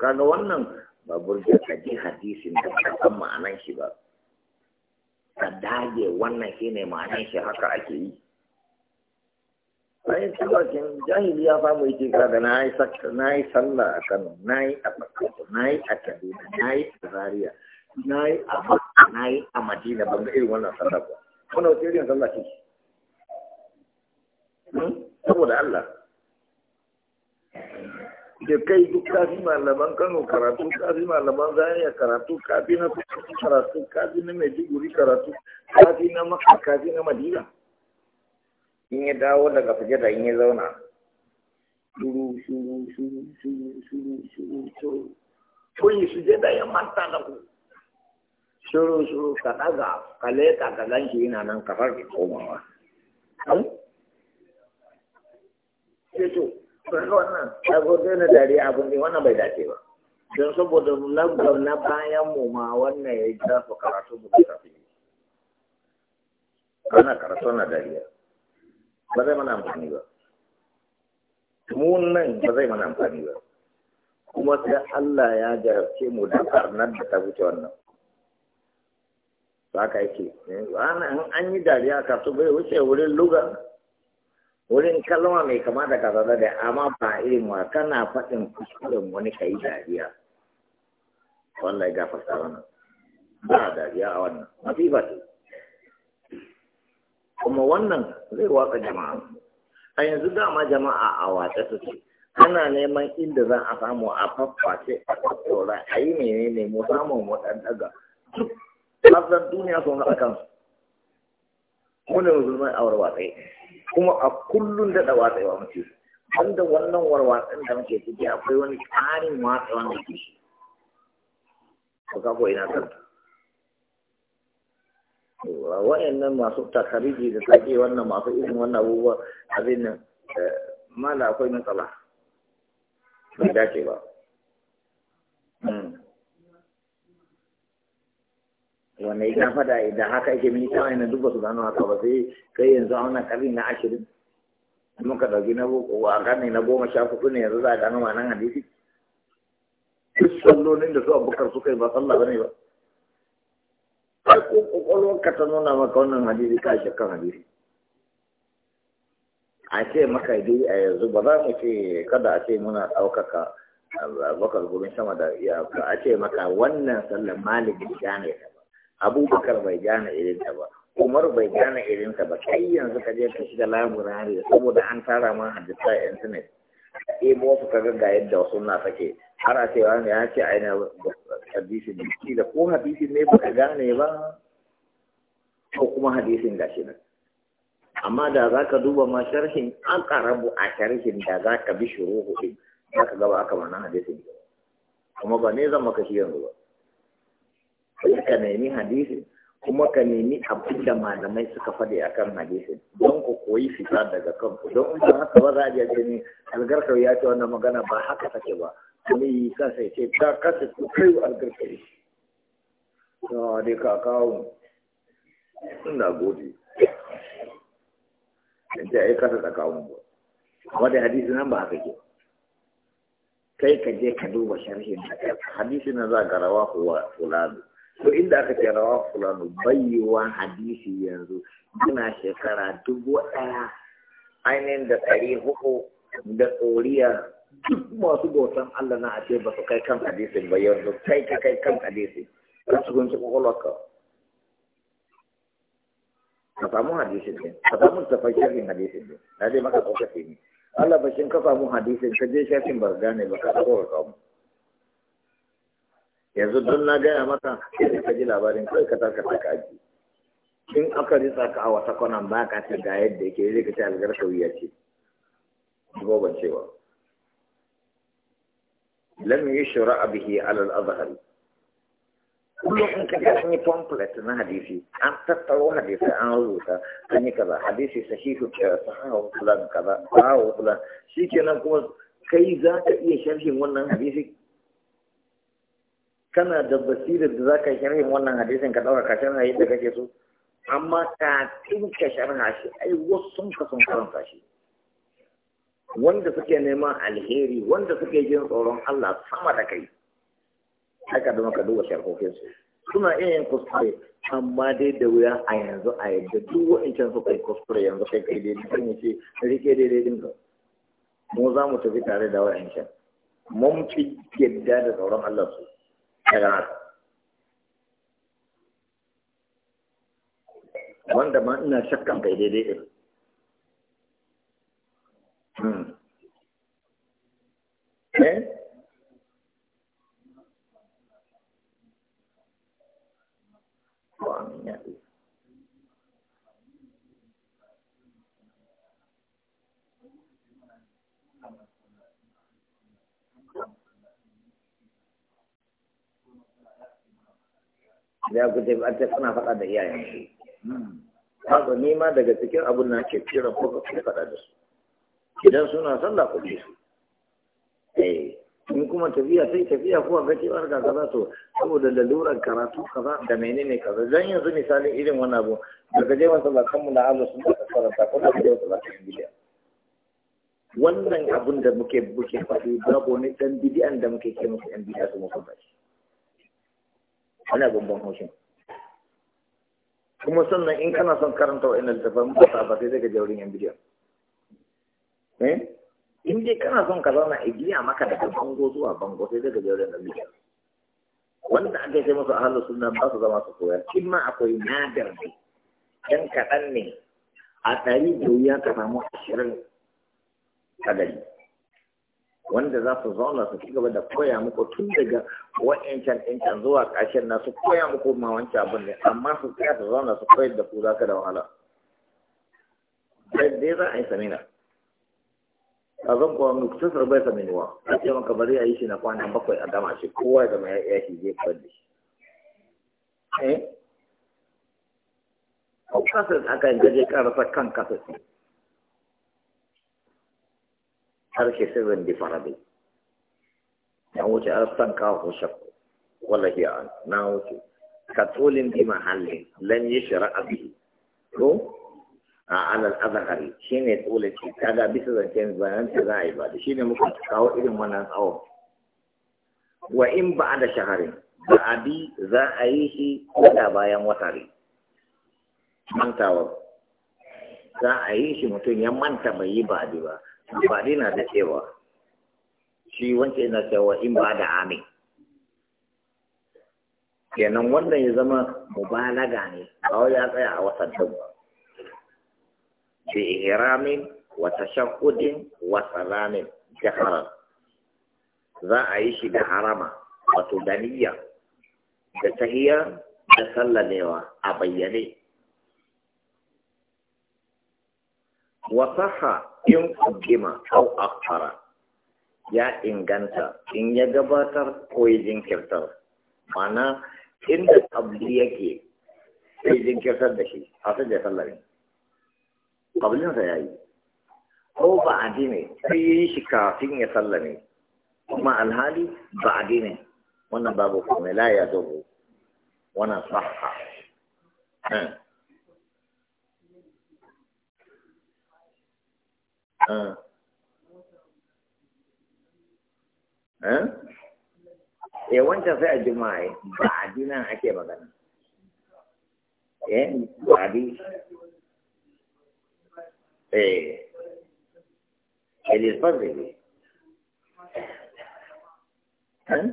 kaga wannan ba burge ka ji hadisin da ka san ma'anan shi ba ka dage wannan ne ma'anan shi haka ake yi bayan tabbacin jahili ya famu yake na yi na sallah a Kano na yi a Bakato na yi a Kaduna na yi a Zariya, na yi a Makka na yi a Madina ban ga irin wannan sallah ba wannan wata irin sallah ce saboda Allah da kai duk kafi malaman Kano karatu kafi malaman Zaria karatu kafi na Kudu karatu kafi na Maiduguri karatu kafi na Maka, kafi na Madina in ya dawo daga da in ya zauna shuru shuru shuru shuru shuru shuru shuru yi sujada ya manta da ku shuru shuru ka daga ka leka ka ganshi yana nan kafar ki komawa hmm? sai to wannan abu zai na dariya abun ne wannan bai dace ba don saboda lagos na bayan mu ma wannan ya yi su karatu mu da tafi ana karatu na dariya ba zai mana amfani ba mu nan ba zai mana amfani ba kuma sai Allah ya jarabce mu da karnar da ta wuce wannan ba ka yake an yi dariya karatu bai wuce wurin lugar wurin kalma mai kama da kaza da amma ba irin wa kana faɗin kuskuren wani kayi dariya wallahi gafarta wannan ba dariya a wannan masifa ce kuma wannan zai watsa jama'a a yanzu dama jama'a a watsa ce. ana neman inda za a samu a fafface a tattaura a yi menene mu samu mu ɗan daga lafzan duniya sun haɗa kansu wani musulman aure watsa kuma a kullum daɗa watsewa muke wanda wannan warwatsin da muke ciki akwai wani tsarin watsa wanda ke shi ko ka ina kanta nan masu takariji da sake wannan masu irin wannan abubuwa abin nan eh, mala akwai matsala bai dace ba hmm. wanda ya fada da haka yake mini kawai na duba su gano haka ba sai kai yanzu a wannan karni na ashirin muka ɗauki na a karni na goma sha hudu ne yanzu za a gano ma nan hadisi duk sallolin da su abubakar suka yi ba sallah ba ne ba ai ko kwakwalwar ka ta nuna maka wannan hadisi ka shi kan hadisi a ce maka dai a yanzu ba za mu ce kada a ce muna ɗaukaka bakar gurin sama da iyaka a ce maka wannan sallar malik gane ta abubakar bai gane irinta ba umar bai gane irinta ba kai yanzu ka je ka shiga laburare saboda an tara ma hadisa internet ake ba wasu kaga ga yadda wasu na sake har a wa ne ya ce a yana hadisi ne da ko hadisi ne baka gane ba ko kuma hadisin gashi nan amma da za ka duba ma sharhin an karabu a sharhin da za ka bi shuruhu din za ka gaba aka mana hadisin kuma ba ne zan maka shi yanzu ba sai ka nemi hadisi kuma ka nemi abin da malamai suka faɗi a kan hadisi don ku koyi fita daga kanku don in ba haka ba za a jaje ne algarkar ya ce wannan magana ba haka take ba kuma yi kansa ya ce ta kasa ku kai wa algarkar to dai ka kawo ina gode dan ta aikata da kawo ba amma da hadisi nan ba haka ke kai ka je ka duba sharhin hadisi nan za ka rawa kuwa fulani to inda aka ce rawa fulano bayyewa hadisi yanzu muna shekara dubu ɗaya ainihin da ɗari hukun da tsoriya duk masu bautan Allah na ashe ba su kai kan hadisin ba yanzu kai ka kai kan hadisi kan su gunci kwakwalwarka ka samu hadisin ne ka samu tafashirin hadisin ne na zai maka tsokaci ne Allah bashin ka samu hadisin ka je shafin ba gane ba ka tsokaci yanzu don na gaya mata sai ka ji labarin kai ka tarka ta ka aji in aka ritsa ka a wata kwanan ba ka ce ga yadda yake yi ka ce algar wuya ce ko ban cewa lam a bihi ala al-azhari kullum in ga an yi pamphlet na hadisi an tattaro hadisi an rubuta an yi kaza hadisi sahihu eh, sahihu fulan kaza sahihu shi kenan kuma kai za ka iya sharhin wannan hadisi kana da basirar da za ka sharhin wannan hadisin ka ɗaura ka sharha yadda kake so amma ka ka sharha shi ai wasu sun ka sun karanta shi wanda suke neman alheri wanda suke jin tsoron Allah sama da kai haka da maka duba su suna iya yin kuskure amma dai da wuya a yanzu a yadda duk wa'ancan su kai kuskure yanzu kai kai dai kan ya ce rike daidai din ka mu za mu tafi tare da wa'ancan mun fi yadda da tsoron Allah su kira wanda ma ina shakkan kai daidai ɗin hmm. eh da ku ce an ce kana faɗa da iyayen su hmm. haka ni ma daga cikin abun na ke kiran ko ka faɗa da su idan suna sallah ku bi su eh in kuma tafiya sai tafiya kuwa ga cewar ga kaza to saboda lalurar karatu kaza da menene kaza dan yanzu misalin irin wannan abu daga je kan mu na Allah sun da karanta ko da da masallatan bidiya wannan abun da muke buke faɗi babu ne dan bidiyan da muke ke musu yan bidiya su muku bashi ana bambam haushin kuma sannan in kana son karanta wa'in littafan ba ba sai daga jaurin yan eh? in dai kana son ka zauna a maka daga bango zuwa bango sai daga jaurin yan wanda aka sai musu ahalu sunna ba su zama su koya in ma akwai nadar ne dan kaɗan ne a ɗari da wuya ka samu ashirin a wanda za su zauna su ci gaba da koya muku tun daga wa'yancan ɗinkan zuwa ƙashin na su koya muku ma wancan abin ne amma su tsaya su zauna su koyar da ku za ka da wahala dai za a yi samina a zan kuwa muktasar bai saminuwa a ce maka bari a yi shi na kwana bakwai a dama shi kowa da mai ya shi zai kwan da shi eh? Hau aka yi gaje karasa kan kasar harshe sirrin bi farabi ya wuce arsan kawo shakku wala ya na wuce katolin bi mahalli lan yi shari'a bi ko a alal azhari shine tsolin ta kaga bisa zancen bayan ta za a yi ba da shine muka kawo irin wannan tsawon wa in ba da shaharin ba a bi za a yi shi da bayan watari mantawa za a yi shi mutum ya manta bai yi ba ba amfani na da cewa shi wancan yana cewa in ba da amin kenan wannan ya zama mubalaga ne kawai ya tsaya a wasan ba bi ihramin wa tashaqqudin wa salamin jaharan za a yi shi da harama wato da da tahiyya da sallamewa a bayyane wasaha in kuddima au akhara ya inganta in ya gabatar ko ya jinkirtar mana inda kabli yake sai jinkirtar da shi a sajja sallari kablinsa ya yi ko ba a ne sai yi shi kafin ya sallame kuma alhali ba a ne wannan babu kuma la ya zo wannan saha hmm. Ah. Eh? eh wancan sai a juma'a eh. ba a dinan ake magana eh ba di eh الفضل eh?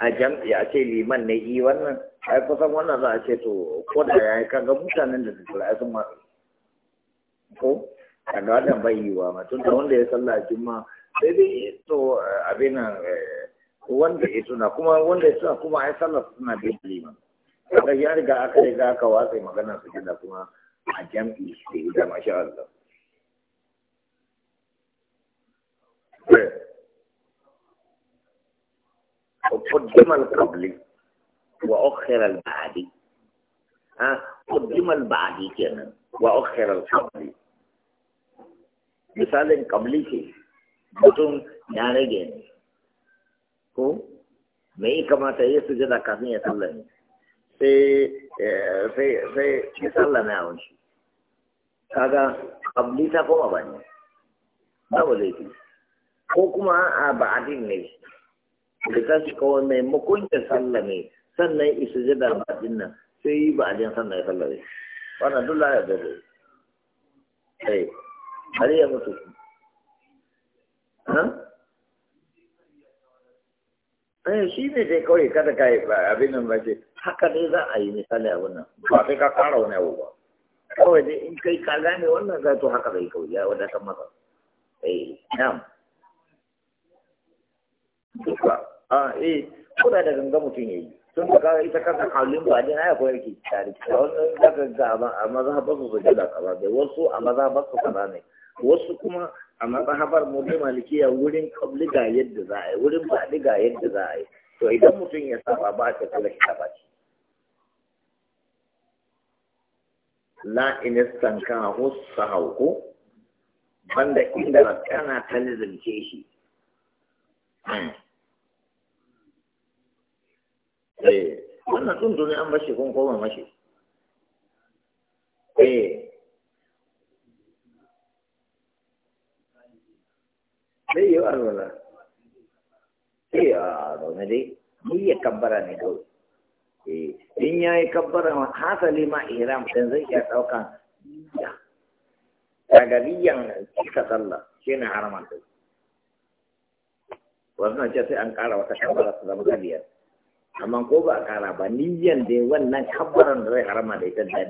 a jam'i a ce liman ne yi wannan ai kusan wannan za a ce to ko da ya yi kaga mutanen da su tura sun matsu ko kaga wannan bai yiwa ma tun da wanda ya sallah juma'a sai dai to eh, abin eh, wanda ya tuna kuma wanda ya tuna kuma ai sallah suna bin liman kaga ya riga aka riga aka watsa magana su gida kuma a jam'i sai da masha Allah قدم القبلي وأخر البعدي ها قدم البعدي كان وأخر misalin kabli ce mutum ya rage ne ko me kamata ya sujada kafin ya sallame sai eh, sai sai ya sallame a wani kaga kabli ta koma ba ne zai fi ko kuma a ba'adin ne da ta shi kawai maimakon ya sallame sannan da ba ba'adin nan sai yi ba'adin sannan ya sallame wannan duk ya da zai har ya mutu Eh shi ne dai kawai kada ka yi abin nan ba ce haka dai za a yi misali a wannan ba sai ka kara wani abu ba kawai dai in kai ka gane wannan za to haka zai kawai ya kan masa eh nam duka a ah, eh kuna da ganga mutum ya yi sun ka kawo ita kanta kalin ba din aya ko ki tare da wannan daga ga a maza ba su sujada kaza da wasu a maza ba su kaba ne wasu kuma a mazhabar mu da malikiya wurin kabli ga yadda za a yi wurin baɗi ga yadda za a yi to idan mutum ya saba ba ta kula shi ba ce la inistan kana hussa banda inda kana ta ke shi eh, wannan tun ne an bashi kun koma mashi eh zai yi arwala sai a zaune dai ni ya kabbara ne kawai eh, in ya yi kabbara hasali ma iram? ɗin zai iya ɗaukan tagariyan cika sallah shi ne haraman ta wannan ce sai an ƙara wata kabbara su amma ko ba a ƙara ba dai wannan kabbaran zai harama da ita da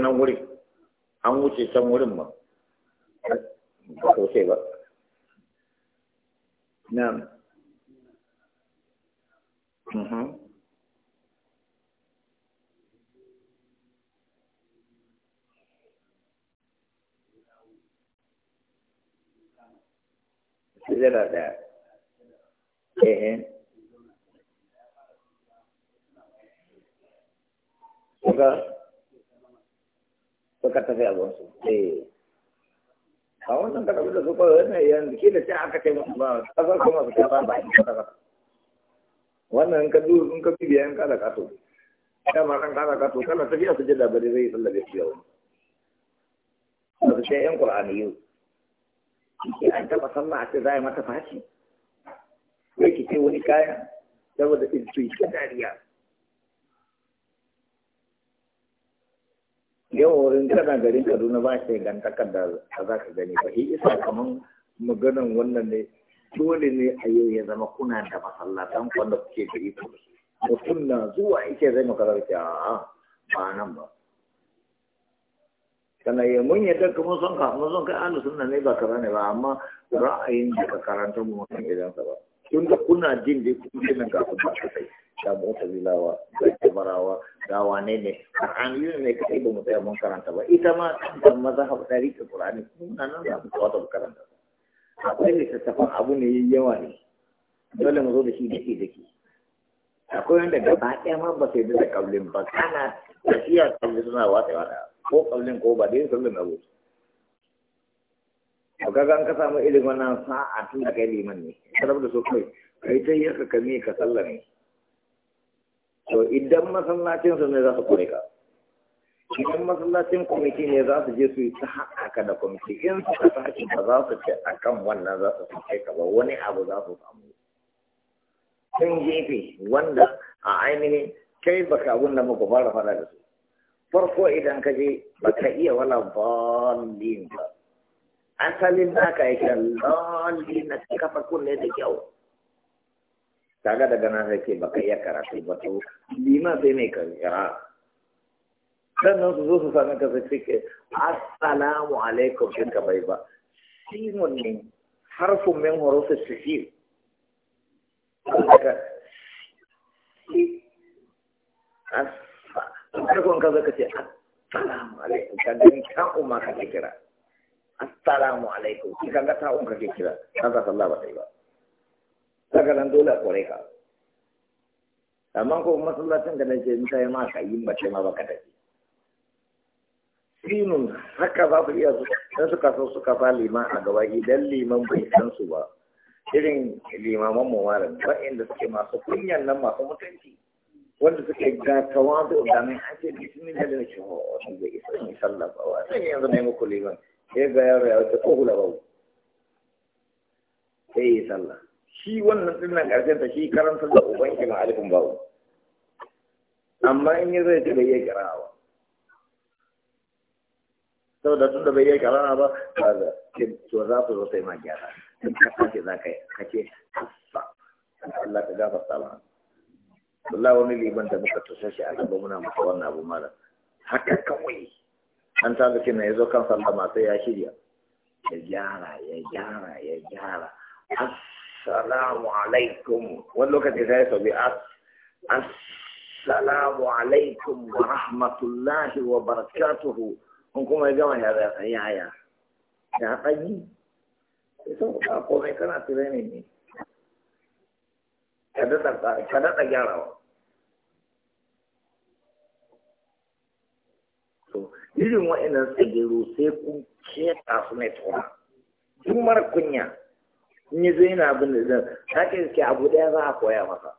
ne an wuce can wurin ba ba sosai ba na mm-hmm. Sujada ɗaya. Ehe. Kuka suka tafi abinsu eh a wannan ka da su kawai wannan yanzu ke da sai aka kai musu ba kasar kuma su kasa ba in kasa wannan in ka duru in ka bibiya in kala kato dama kan kala kato kana tafiya su jada bari zai tsallabe su yau su sai yan qur'ani yau ke an taba sallah a ce za a yi mata fashi sai ki ce wani kaya saboda in su yi ta dariya yau wurin kana garin kaduna ba shi gantakar da za ka gani ba shi isa kamar maganan wannan ne dole ne a yau ya zama kuna da masallatan wanda kuke gari ko mutum na zuwa yake zai makarar ki a ba nan ba kana yi mun yadda kuma son ka mun son kai ahlus sunna ne ba kaza ne ba amma ra'ayin da ka karanta mu mutum idan ka ba tun da kuna jin dai kuɗi nan ga ba da sai da mota lilawa da kamarawa da wane ne al'amiyu ne kai ba mu tsaya mun karanta ba ita ma da mazhab dari ta qur'ani kuna nan za mu tsawata karanta akwai littattafan abu ne yawa ne dole mu zo da shi da ke akwai wanda gaba ɗaya ma ba sai da kaulin ba kana tafiya kaulin suna watsa wata ko kaulin ko ba dai kaulin abu to kaga an ka samu irin wannan sa'a tun da kai liman ne sarar da so kai kai ta yi ka kame ka sallame to idan masallacin su ne za su kore ka idan masallacin kwamiti ne za su je su yi ta haka da kwamiti in ka tashi ba za su ce a kan wannan za su fice ka ba wani abu za su samu sun gefe wanda a ainihin kai baka abun da muka fara fara da su farko idan ka je baka iya wala ba asalin naka yake lalli na kafa kunne da kyau kaga daga nan sai ke baka iya karatu ba to lima sai mai kira sannan su zo su sami ka sai ke assalamu alaikum shi ka bai ba simun ne harfin min horosu sifir Assalamu alaikum ka zaka ce assalamu alaikum ka gani kan umma ka kira assalamu alaikum shi kaga ta unka ke kira kaga sallah ba ta yi ba kaga nan dole a kore ka amma ko masallacin da nake in ta yi ma ka yi mace ma baka tafi sinun haka za su iya dan suka so suka ba liman a gaba idan liman bai san su ba irin limaman mu malam wa'inda suke masu kunyan nan masu mutunci wanda suke ga tawadu da mai ake bismillah da nake ho wanda isa ni sallah ba wa sai yanzu ne muku liman sai ga yaro ya wuce ko hula babu sai yi sallah shi wannan dinnan karshen ta shi karanta da uban shi ma alifin babu amma in ya zai ci bai yi kirawa saboda tun da bai yi kirawa ba ba za to za su zo sai ma gyara in ka kace za ka yi kace Allah ka gafarta ma Allah wani liban da muka tusa shi a gaba muna masa wannan abu mara haka kawai an ta na mai zo kan sallama sai ya shirya ya gyara ya gyara ya gyara assalamu alaikum wani lokaci sai sau bi assalamu alaikum wa rahmatullahi wa barakatuhu in kuma ya gama ya zai yaya ya tsanyi sun kuma komai kana tirani ne ka daɗa gyarawa irin wa'inan tsagero sai kun keta su mai tura. duk mara kunya in yi zai na abin da zai sake suke abu ɗaya za a koya masa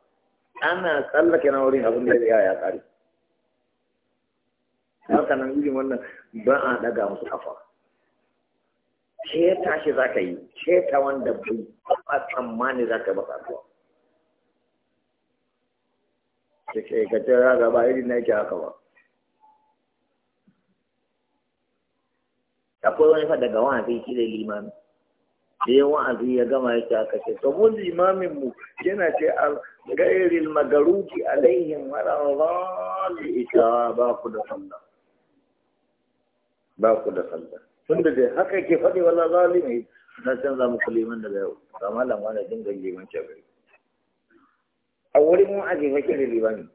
ana tsallake na wurin abin da ya ya tsari haka nan irin wannan ba a daga musu kafa keta shi za ka yi keta wanda bai taɓa tsammani za ka yi masa addu'a da ka ce za ba irin na yake haka ba akwai wani fa daga wa'azi shi da limami da ya wa'azi ya gama ya aka ce to limamin mu yana ce al gairil magaruki alaihim wa radhali ita ba ku da sallah ba ku da sallah tun da dai haka ke faɗi wala zalimi na san canza muku liman daga yau ga malam wani dinga liman ce bai a wurin wa'azi fa kire limami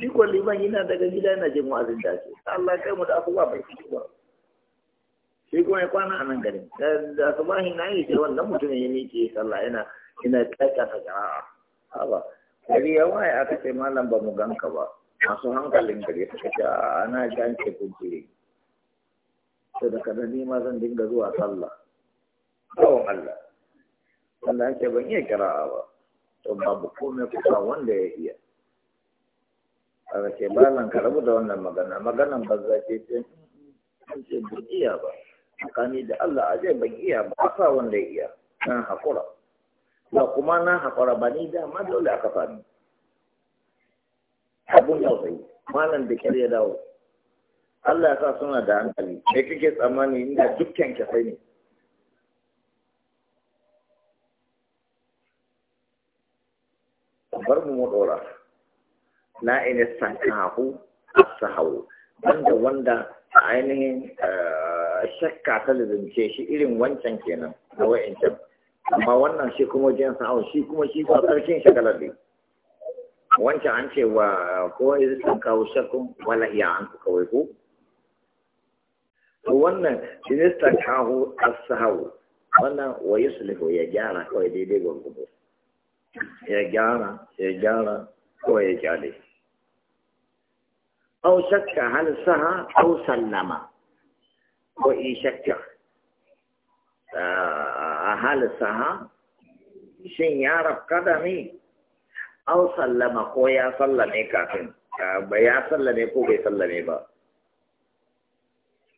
shi ko liman yana daga gida yana jin wa'azin da ake Allah kai mu da asuba bai fito ba shi kuma ya kwana a nan garin da asuba shi na yi ce wannan mutumin ya miƙe sallah yana yana kaita ta jama'a haba gari ya waye aka ce malam ba mu ganka ba masu hankalin gari suka ce ana jan ce kuke to da kada ni ma zan dinga zuwa sallah kawon Allah sannan ake ban iya kira'a ba to babu komai kusa wanda ya iya aka ce ba nan ka rabu da wannan magana maganan za ce ce an ce bugiya ba tsakani da Allah a zai ban ba ba sa wanda ya iya na haƙura ba kuma na haƙura ba ni dama dole aka sami abun tausayi malam da kyar ya dawo Allah ya sa suna da hankali me kake tsammani inda dukkan ka sai ne na ina sankahu as-sahawu wanda wanda ainihin eh, shakka ta lizance shi irin wancan kenan na wa'ancan amma wannan shi kuma jin sa'awu shi kuma shi ba karshen shagalar ne wancan an ce wa kowa idan sun kawo shakkun wala iya an ku kawai ku? to wannan ministan kahu a sahau wannan wa yuslihu ya gyara kawai daidai gwamnati ya gyara ya gyara kawai ya gyara أو شك هل سهى أو سلم وإي شك آه، هل سهى شين يا رب قدمي أو سلم قو يا سلمي كافن آه، يا سلمي قو بي سلمي با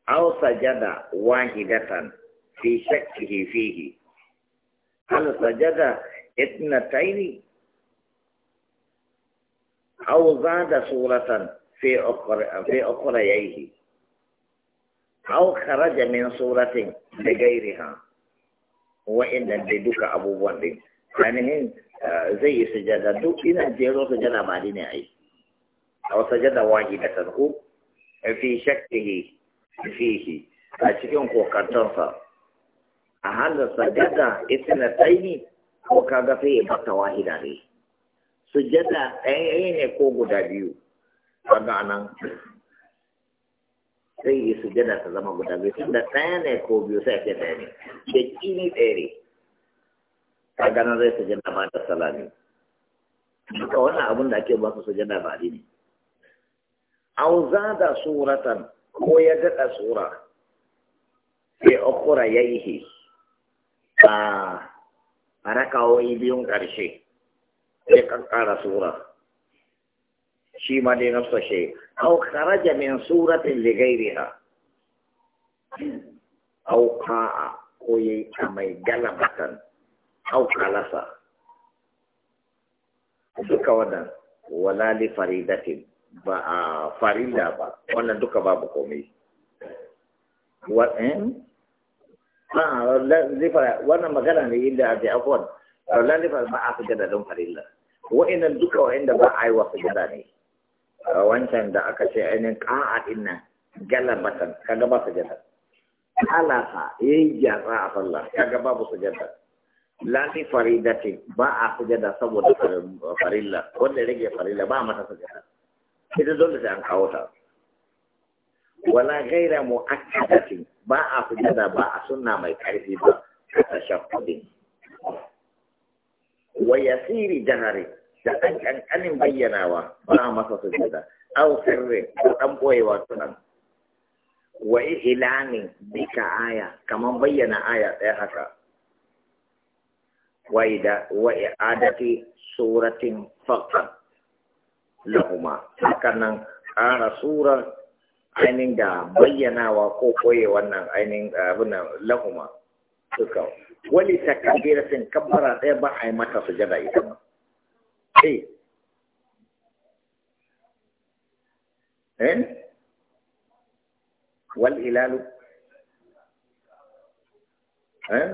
أو سجد واحدة في شكه فيه هل سجد اثنتين أو زاد سورة fi ọkọrọ ya ihe haukara jami'in suratin da gairi ha wa'in da duka abubuwan din ainihin zai yi sujada duk ina je sujada ba ne a yi a wata jada wani da tanku fi shakkihi fihi a cikin kokantarsa a hannun sujada ita na tsaini ko ka ya bata wahida sujada ɗaya ne ko guda biyu kaga nan sai yi sujada ta zama guda biyu da ɗaya ne ko biyu sai ake ɗaya ne ke kini ɗaya ne ta nan zai sujada ba da salami duka wannan abin da ake ba su sujada ba ne au da suratan ko ya daɗa sura sai ya yi a rakawoyi biyun ƙarshe sai ƙara sura Shima ma dai nafsa shi au kharaja min suratin li ghairiha au qa'a ko yayi amai galabatan au kalasa duka wannan wala li ba a farilla ba wannan duka babu komai wannan magana ne inda a afuwan lalifar ba a fi jada don farilla wa'innan duka wa'inda ba a yi wa fi jada ne wancan da aka ce ainihin ƙa'a ɗin nan batan kaga ba sujada ya yi gyara a sallah kaga su jata lati faridati ba a jata saboda farilla wanda rage farilla ba mata su jata ita dole sai an kawo ta wala gaira mu mu'akkadatin ba a jata ba a sunna mai karfi ba ta shakkudin wa yasiri jahari da ɗan ƙanƙanin bayyanawa ba a masa sujjada aw sirri ko ɗan wasu sunan wa ilamin bika aya kamar bayyana aya ɗaya haka wa i'adati suratin faqat lahuma hakanan ƙara surar ainihin da bayyanawa ko koye wannan ainihin eh, abin lahuma suka wali takabiratin kabbara ɗaya ba a yi mata sujada ita ma haɗe eh wal ilalu eh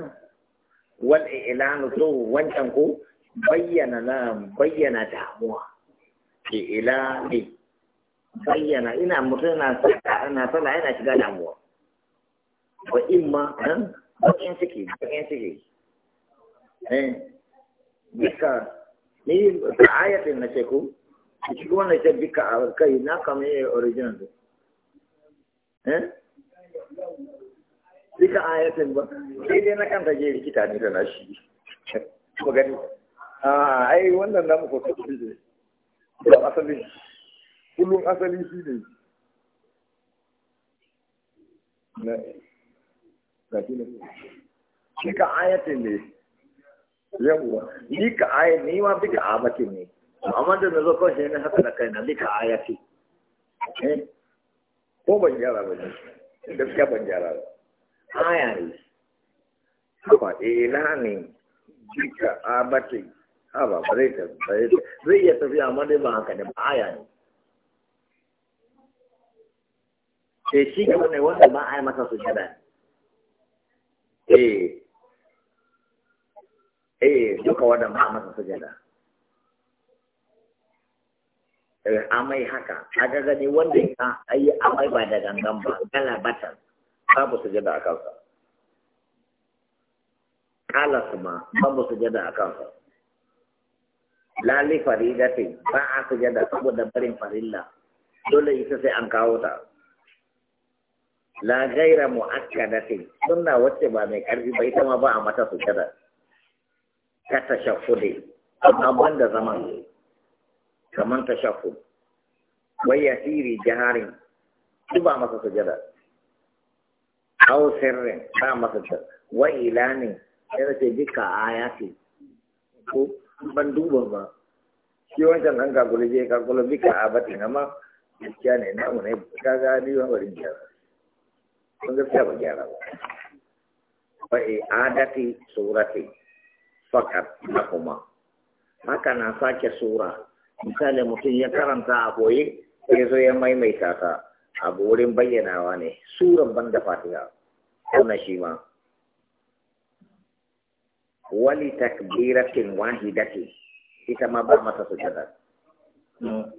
wal ilalu to wancan ko bayyana na bayyana damuwa ke ilali bayyana ina mutum na saka na sala yana shiga damuwa wa imma eh bakin ciki bakin ciki eh duka ni ayatin na ce ku shi kuma na ce bika a kai na kama yi original din eh bika ayatin ba sai dai na kanta je rikita ne da na shi ba gani a ah, ai wannan namu ko ta ne da asali kullum asali shi ne na ga shi ne bika ayatin ne yawwa ni ka aya ni ma bi ka amati ne amma da na zo kawai sai haka da kaina bi ka ayati eh? ko ban jara ba ne gaskiya ban jara ba aya ne haka ila eh, ne bi ka amati ha ba ba zai tafi zai iya tafiya amma dai ba haka ne ba aya ne sai eh, shi ne wanda ba a yi masa jada. eh eh duka wadan ba masa sujada eh, amai haka kaga gani wanda ya ayi amai ba da gangan ba kala bata babu sujada a kansa Kala kuma babu sujada a kansa lali ce ba a sujada saboda barin farilla dole ita sai an kawo ta la gaira mu'akkadatin sunna wacce ba mai karfi ba ita ma ba a mata sujada ta tashaffudi amma banda zaman kaman tashaffud wai yasiri jaharin ba masa sujada aw sirrin ba masa sujada wa ilanin sai ce duka ayati ko ban duba ba shi wancan ga kakula je kakula bi ka na ma. gaskiya ne na mu ne ka ga ni ba bari gyara kun gaskiya ba gyara ba fa adati surati fakat na kuma haka na sake sura misali mutum ya karanta a boye ya zo ya maimaita ta a wurin bayyanawa ne suran ban da fatiha wannan shi ma wali takbiratin wahidati ita ma ba mata su jada. Hmm.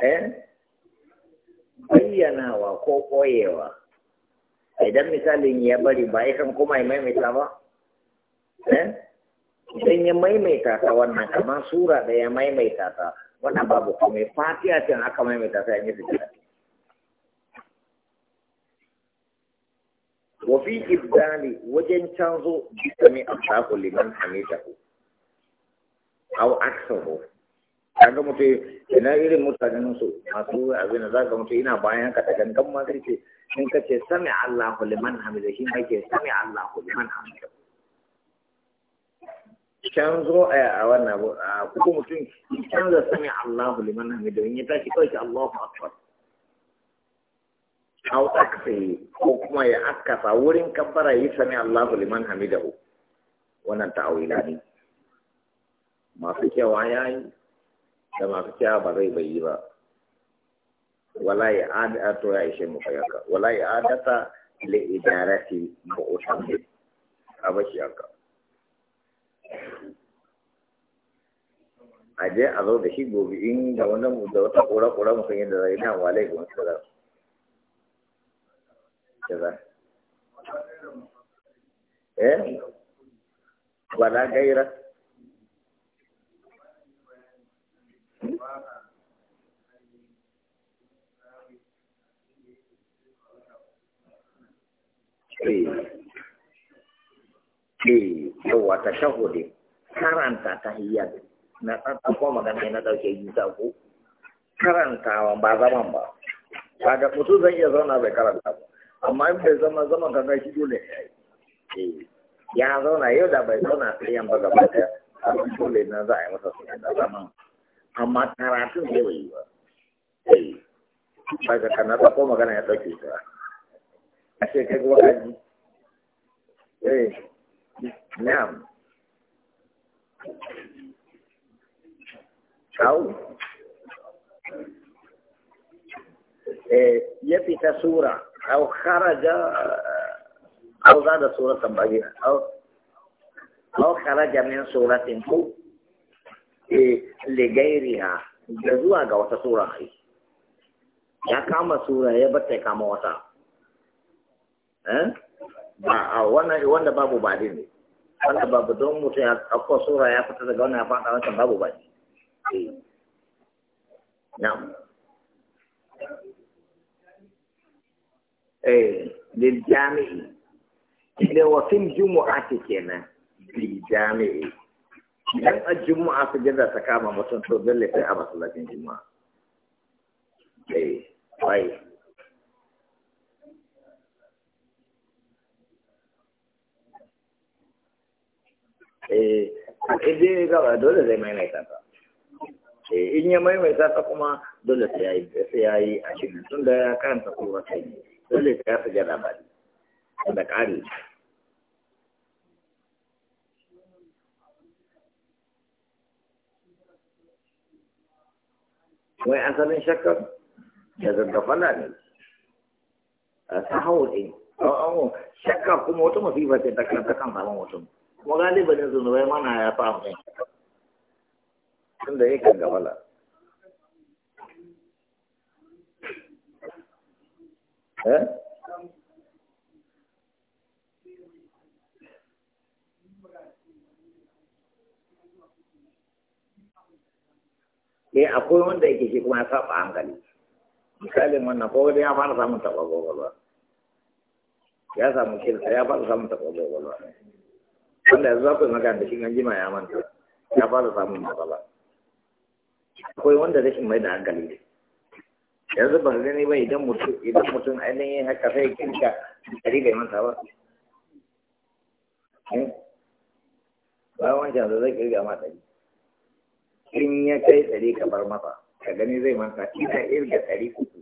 Eh? bayyanawa ko koyewa idan misalin ya bari ba yakan kuma ya maimaita ba eh idan ya maimaita ta wannan kamar sura da ya maimaita ta wannan babu komai fatiya ce aka maimaita ta yanzu da wa fi ibdali wajen canzo mai asaku liman hamidahu aw aksahu kaga mutu ina irin mutanen su masu abin za ka mutu ina bayan ka da gangan ma in ka ce sami Allahu liman hamida shi ma ke sami Allahu liman hamida zo eh, a wannan abu a kuku mutum canza sami Allahu liman hamidu in ya tashi kawai Allahu akbar aw akse ko kuma ya akasa wurin kabbara yi sami Allahu liman hamidahu wannan ta'awila ne masu kyau ya yi da masu cewa ba zai bayi ba wala ya adata ya ishe mu kayaka wala ya adata li idarati usambe abashi aka a je a zo da shi gobe in da wannan da wata kura-kura mutum yadda zai eh? na walai ga wasu da eh wala gaira Eh, eh, yawa shahudi, karanta ta hiyar na ɗan ko magana na ɗauke yi ta ku karantawa ba zaman ba kaga mutum zai iya zauna bai karanta ba amma in bai zama shi dole ya yi eh, zauna yau da bai zauna sai yan ba gaba da dole na za a yi masa suna da zaman amma karatun zai bai yi ba kaga eh, kana ta ko magana ya ta a ce kai kuma kaji eh na'am Eh, ya fita sura au kharaja au zada suratan bagina au au kharaja min suratin ku eh, ligairiha da zuwa ga wata sura ai ya kama sura ya bata kama wata eh? ba wanda babu badi ne wanda babu don mutum ya kakwa sura ya fita daga wani ya fada wanda babu badi نعم ايه للجامع إذا وفي الجمعة كنا للجامع a juma'a sujada ta kama mutum to dole sai a masallacin juma'a eh wai eh idan ga dole zai ta Eh, in ya maimaita ta kuma dole sai ya yi sai ya yi a cikin tun da ya karanta kuma sai dole sai ya sujada ba da ƙari wai asalin shakkar da zaggafala ne a sahau ɗin shakka kuma wata masifa ce ta kan samun mutum kuma galibin zunubai mana ya fa amfani. tunda yakan gafala eh eh akwai wanda yake shi kuma ya saba hankali misalin wannan ko wani ya fara samun taɓa gwagwalwa ya samu shirka ya fara samun taɓa gwagwalwa wanda yanzu za ku yi magana da shi an ya manta ya fara samun matsala akwai wanda rashin mai da hankali ne yanzu ba su gani ba idan mutum idan mutum ainihin haka sai kinka dari bai manta ba ba wancan da zai kirga mata dari in ya kai tsari ka bar masa ka gani zai manta ina irga tsari kuku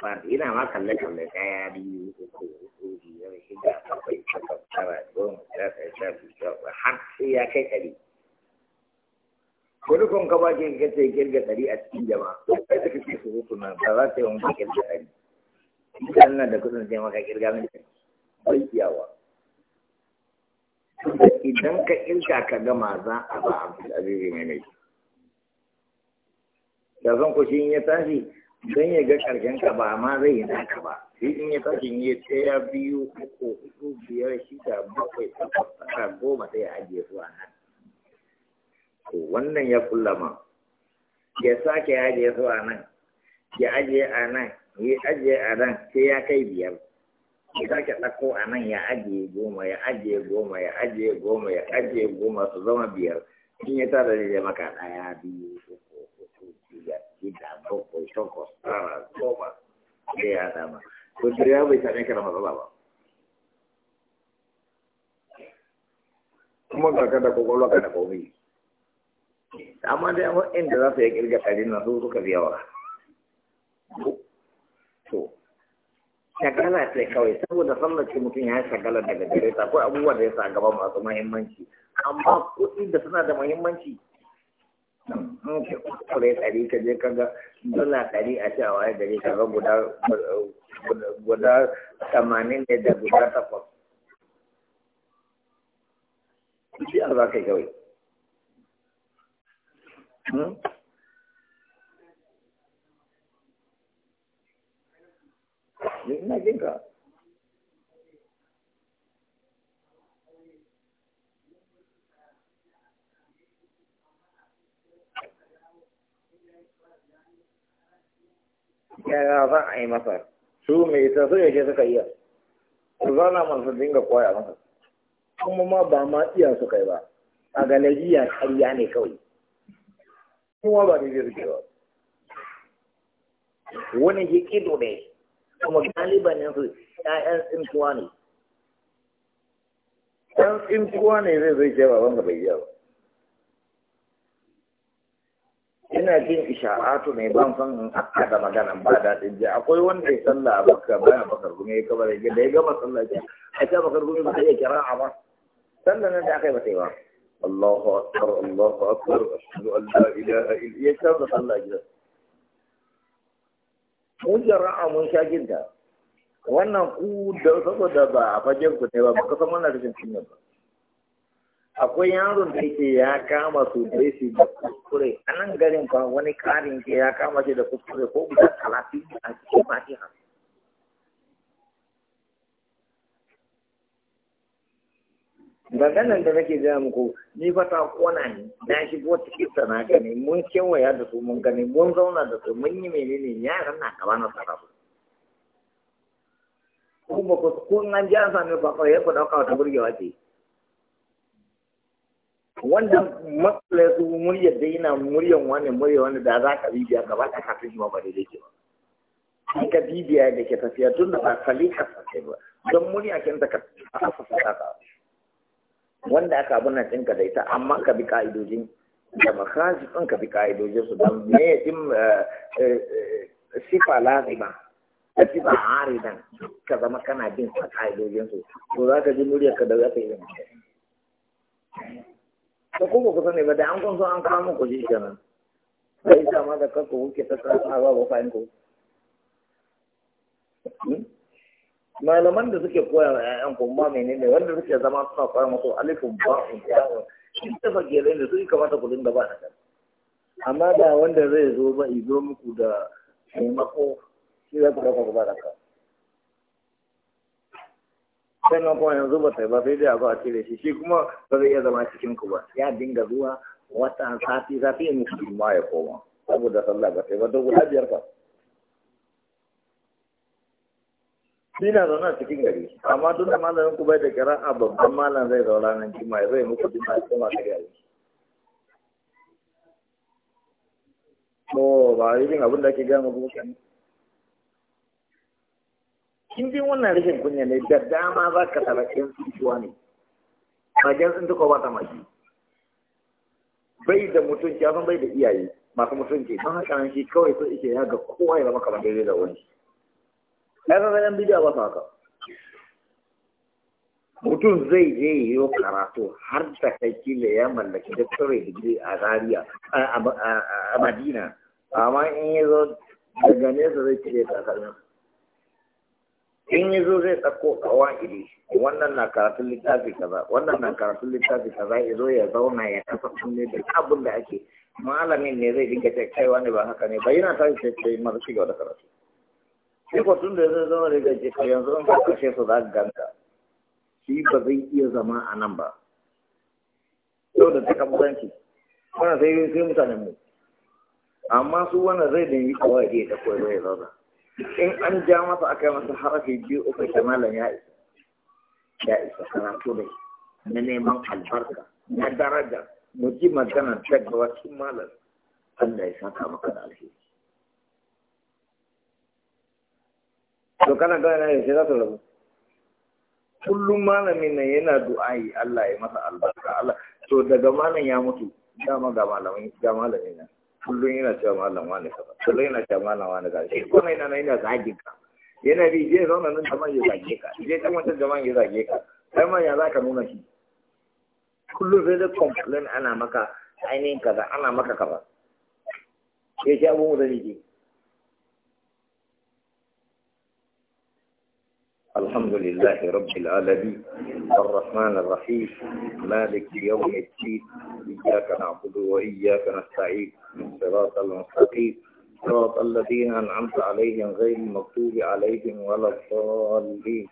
fat ina ma kalle kalle kaya biyu uku uku biyar shida bakwai takwas tara goma sha ɗaya sha biyu har sai ya kai tsari. wani kun ka ba ke kace kirga ɗari a cikin jama'a kai da kake su hutu na ba za ta yi wani kirga ɗari idan nan da kudin sai maka kirga min bai iyawa idan ka kirga ka gama za a ba abdul aziz mai mai da zan ku shi in ya tashi don ya ga karshen ka ba ma zai yi naka ba sai in ya tashi ya tsaya biyu uku hudu biyar shida bakwai takwas tara goma sai ya ajiye su a nan to wannan ya kullama ya sake ajiye su a nan ya ajiye a nan ya ajiye a nan sai ya kai biyar ya sake ɗauko a nan ya ajiye goma ya ajiye goma ya ajiye goma ya ajiye goma su zama biyar in ya tara da ya maka ɗaya biyu uku uku biyar shida bakwai takwas tara goma sai ya dama to ya bai same ka da matsala ba kuma ga kada kwakwalwa ka da komai amma dai inda za su yi kirga ɗari na su suka fi yawa to shagala ce kawai saboda sallaci mutum ya shagala daga dare ta kawai abubuwa da ya sa gaba masu mahimmanci amma kuɗi da suna da mahimmanci in ka kuskure ɗari ka je kaga dala ɗari a ce a waye gari kaga guda guda tamanin ne da guda takwas. Shi a za ka yi kawai. Hmm? ina yaya za a yi masa su mai ta so yake suka iya su zana masu dinga koya masa kuma ma ba ma iya suka yi ba a galabiya ƙarya ne kawai kuma ba daidai suke ba wani ya kido ne kuma galiban su. ƴaƴan tsintuwa ne ɗan tsintuwa ne zai zai ce baban ka bai ba ina jin isha'atu mai ban san in akka da magana ba daɗin ji akwai wanda ya salla a baka baya bakar gumi ya kaba da ya gama sallah a ce bakar gumi ba ta iya kira a ba sallah nan da aka yi ba ta yi ba الله أكبر الله أكبر أشهد أن لا إله إلا يشهد الله جل mun a mun sha ginta wannan ku da saboda ba a fajen ku ne ba ba kasan wannan rashin cinna ba akwai yaron da yake ya kama su dai shi da kuskure a nan garin fa wani karin ke ya kama shi da kuskure ko guda talatin a cikin fatiha maganan da nake gaya muku ni fa ta kona ne na shigo cikin ta na gani mun kewaya da su mun gani mun zauna da su mun yi menene yaran na kaba na tsara su kuma ko kun an ji an sami fafa ya ku dauka wata burgewa ce wanda matsala su muryar da yana muryan wani murya wani da za ka bibiya gaba da ka shi ma ba da yake ba an ka bibiya da ke tafiya tun da ba kalika sosai ba don murya kin ta ka fasa ka wanda aka abin nan ɗinka da ita amma ka bi ka'idojin da makaji ɗin ka bi ka'idojin su don me ya jin eh, eh, eh, sifa lazima da sifa haridan ka zama kana bin a ka'idojin su to za ka ji muryar ka da za ka yi zama ta kuma kusa ne ba da an kun so an kawo muku shi kenan sai sa ma da kanku kuke ta tsara ba ba fa'in ku malaman da suke koya wa ƴaƴan kuma menene wanda suke zama suna koya musu alifin ba'un yawon shi ta fage da su yi kamata ku dinga ba da amma da wanda zai zo ba zo muku da taimako shi za ku ɗauka ku ba da kan na kuma yanzu ba ta ba sai dai a zo a cire shi shi kuma ba zai iya zama cikin ku ba ya dinga zuwa wata sati sati in musulma ya koma saboda sallah ba ta ba to guda biyar fa ni na zaune a cikin gari amma tun da malamin ku bai da kira a babban malam zai zaura nan jima zai muku jima a kuma masu gari to ba a yin abin da ake gaya muku mutane Kin bin wannan rashin kunya ne da dama za ka tara talakin tsuwa ne magen sun duka wata maki bai da mutunci ya san bai da iyaye masu mutunci don haka nan shi kawai so ike ya ga kowa ya zama kamar daidai da wani ai kaga yan bidiya ba haka mutum zai je yi karatu har da kai kila ya mallaki doctorate digiri a Zaria a Madina amma in yi zo daga nesa zai cire takalmin in yi zo zai tsakko kawa'idi wannan na karatun littafi kaza wannan na karatun littafi kaza ya zo ya zauna ya kasa sunne da abin da ake malamin ne zai dinga kaiwa ne ba haka ne ba yana tashi sai masu shiga da karatu sai ko tun da zai zama da gaje ka yanzu an fara kashe su za ka ganka shi ba zai iya zama a nan ba yau da taka musanci wannan sai sai mutanen mu amma su wannan zai da yi kawai da ya koyi zai zauna in an ja masa aka masa harafi biyu uku ta malam ya isa ya isa karatu dai na neman albarka na daraja mu ji magana daga wasu malam Allah ya saka maka da alheri to kana ga yana yaushe za su rabu kullum malamin nan yana du'ayi Allah ya masa albarka Allah to daga malam ya mutu dama ga malamin ga malamin nan kullum yana cewa malam wani kaza kullum yana cewa malam wani kaza shi kuma yana yana zagin ka yana bi je zauna nan jama'a ya zage ka je kan wata jama'a ya zage ka kai ma ya zaka nuna shi kullum sai da complain ana maka ainihin kaza ana maka kaza sai shi abubuwan da ne الحمد لله رب العالمين الرحمن الرحيم مالك يوم الدين إياك نعبد وإياك نستعين من صراط المستقيم الصراط الذين أنعمت عليهم غير المغضوب عليهم ولا الضالين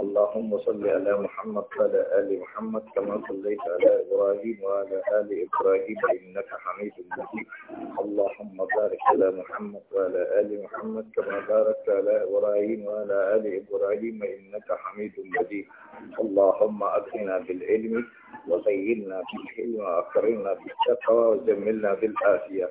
اللهم صل على محمد وعلى آل محمد كما صليت على إبراهيم وعلى آل إبراهيم إنك حميد مجيد اللهم بارك على محمد وعلى آل محمد كما باركت على إبراهيم وعلى آل إبراهيم إنك حميد مجيد اللهم أكرمنا بالعلم وزينا بالحلم وأكرمنا بالتقوى وجملنا بالعافية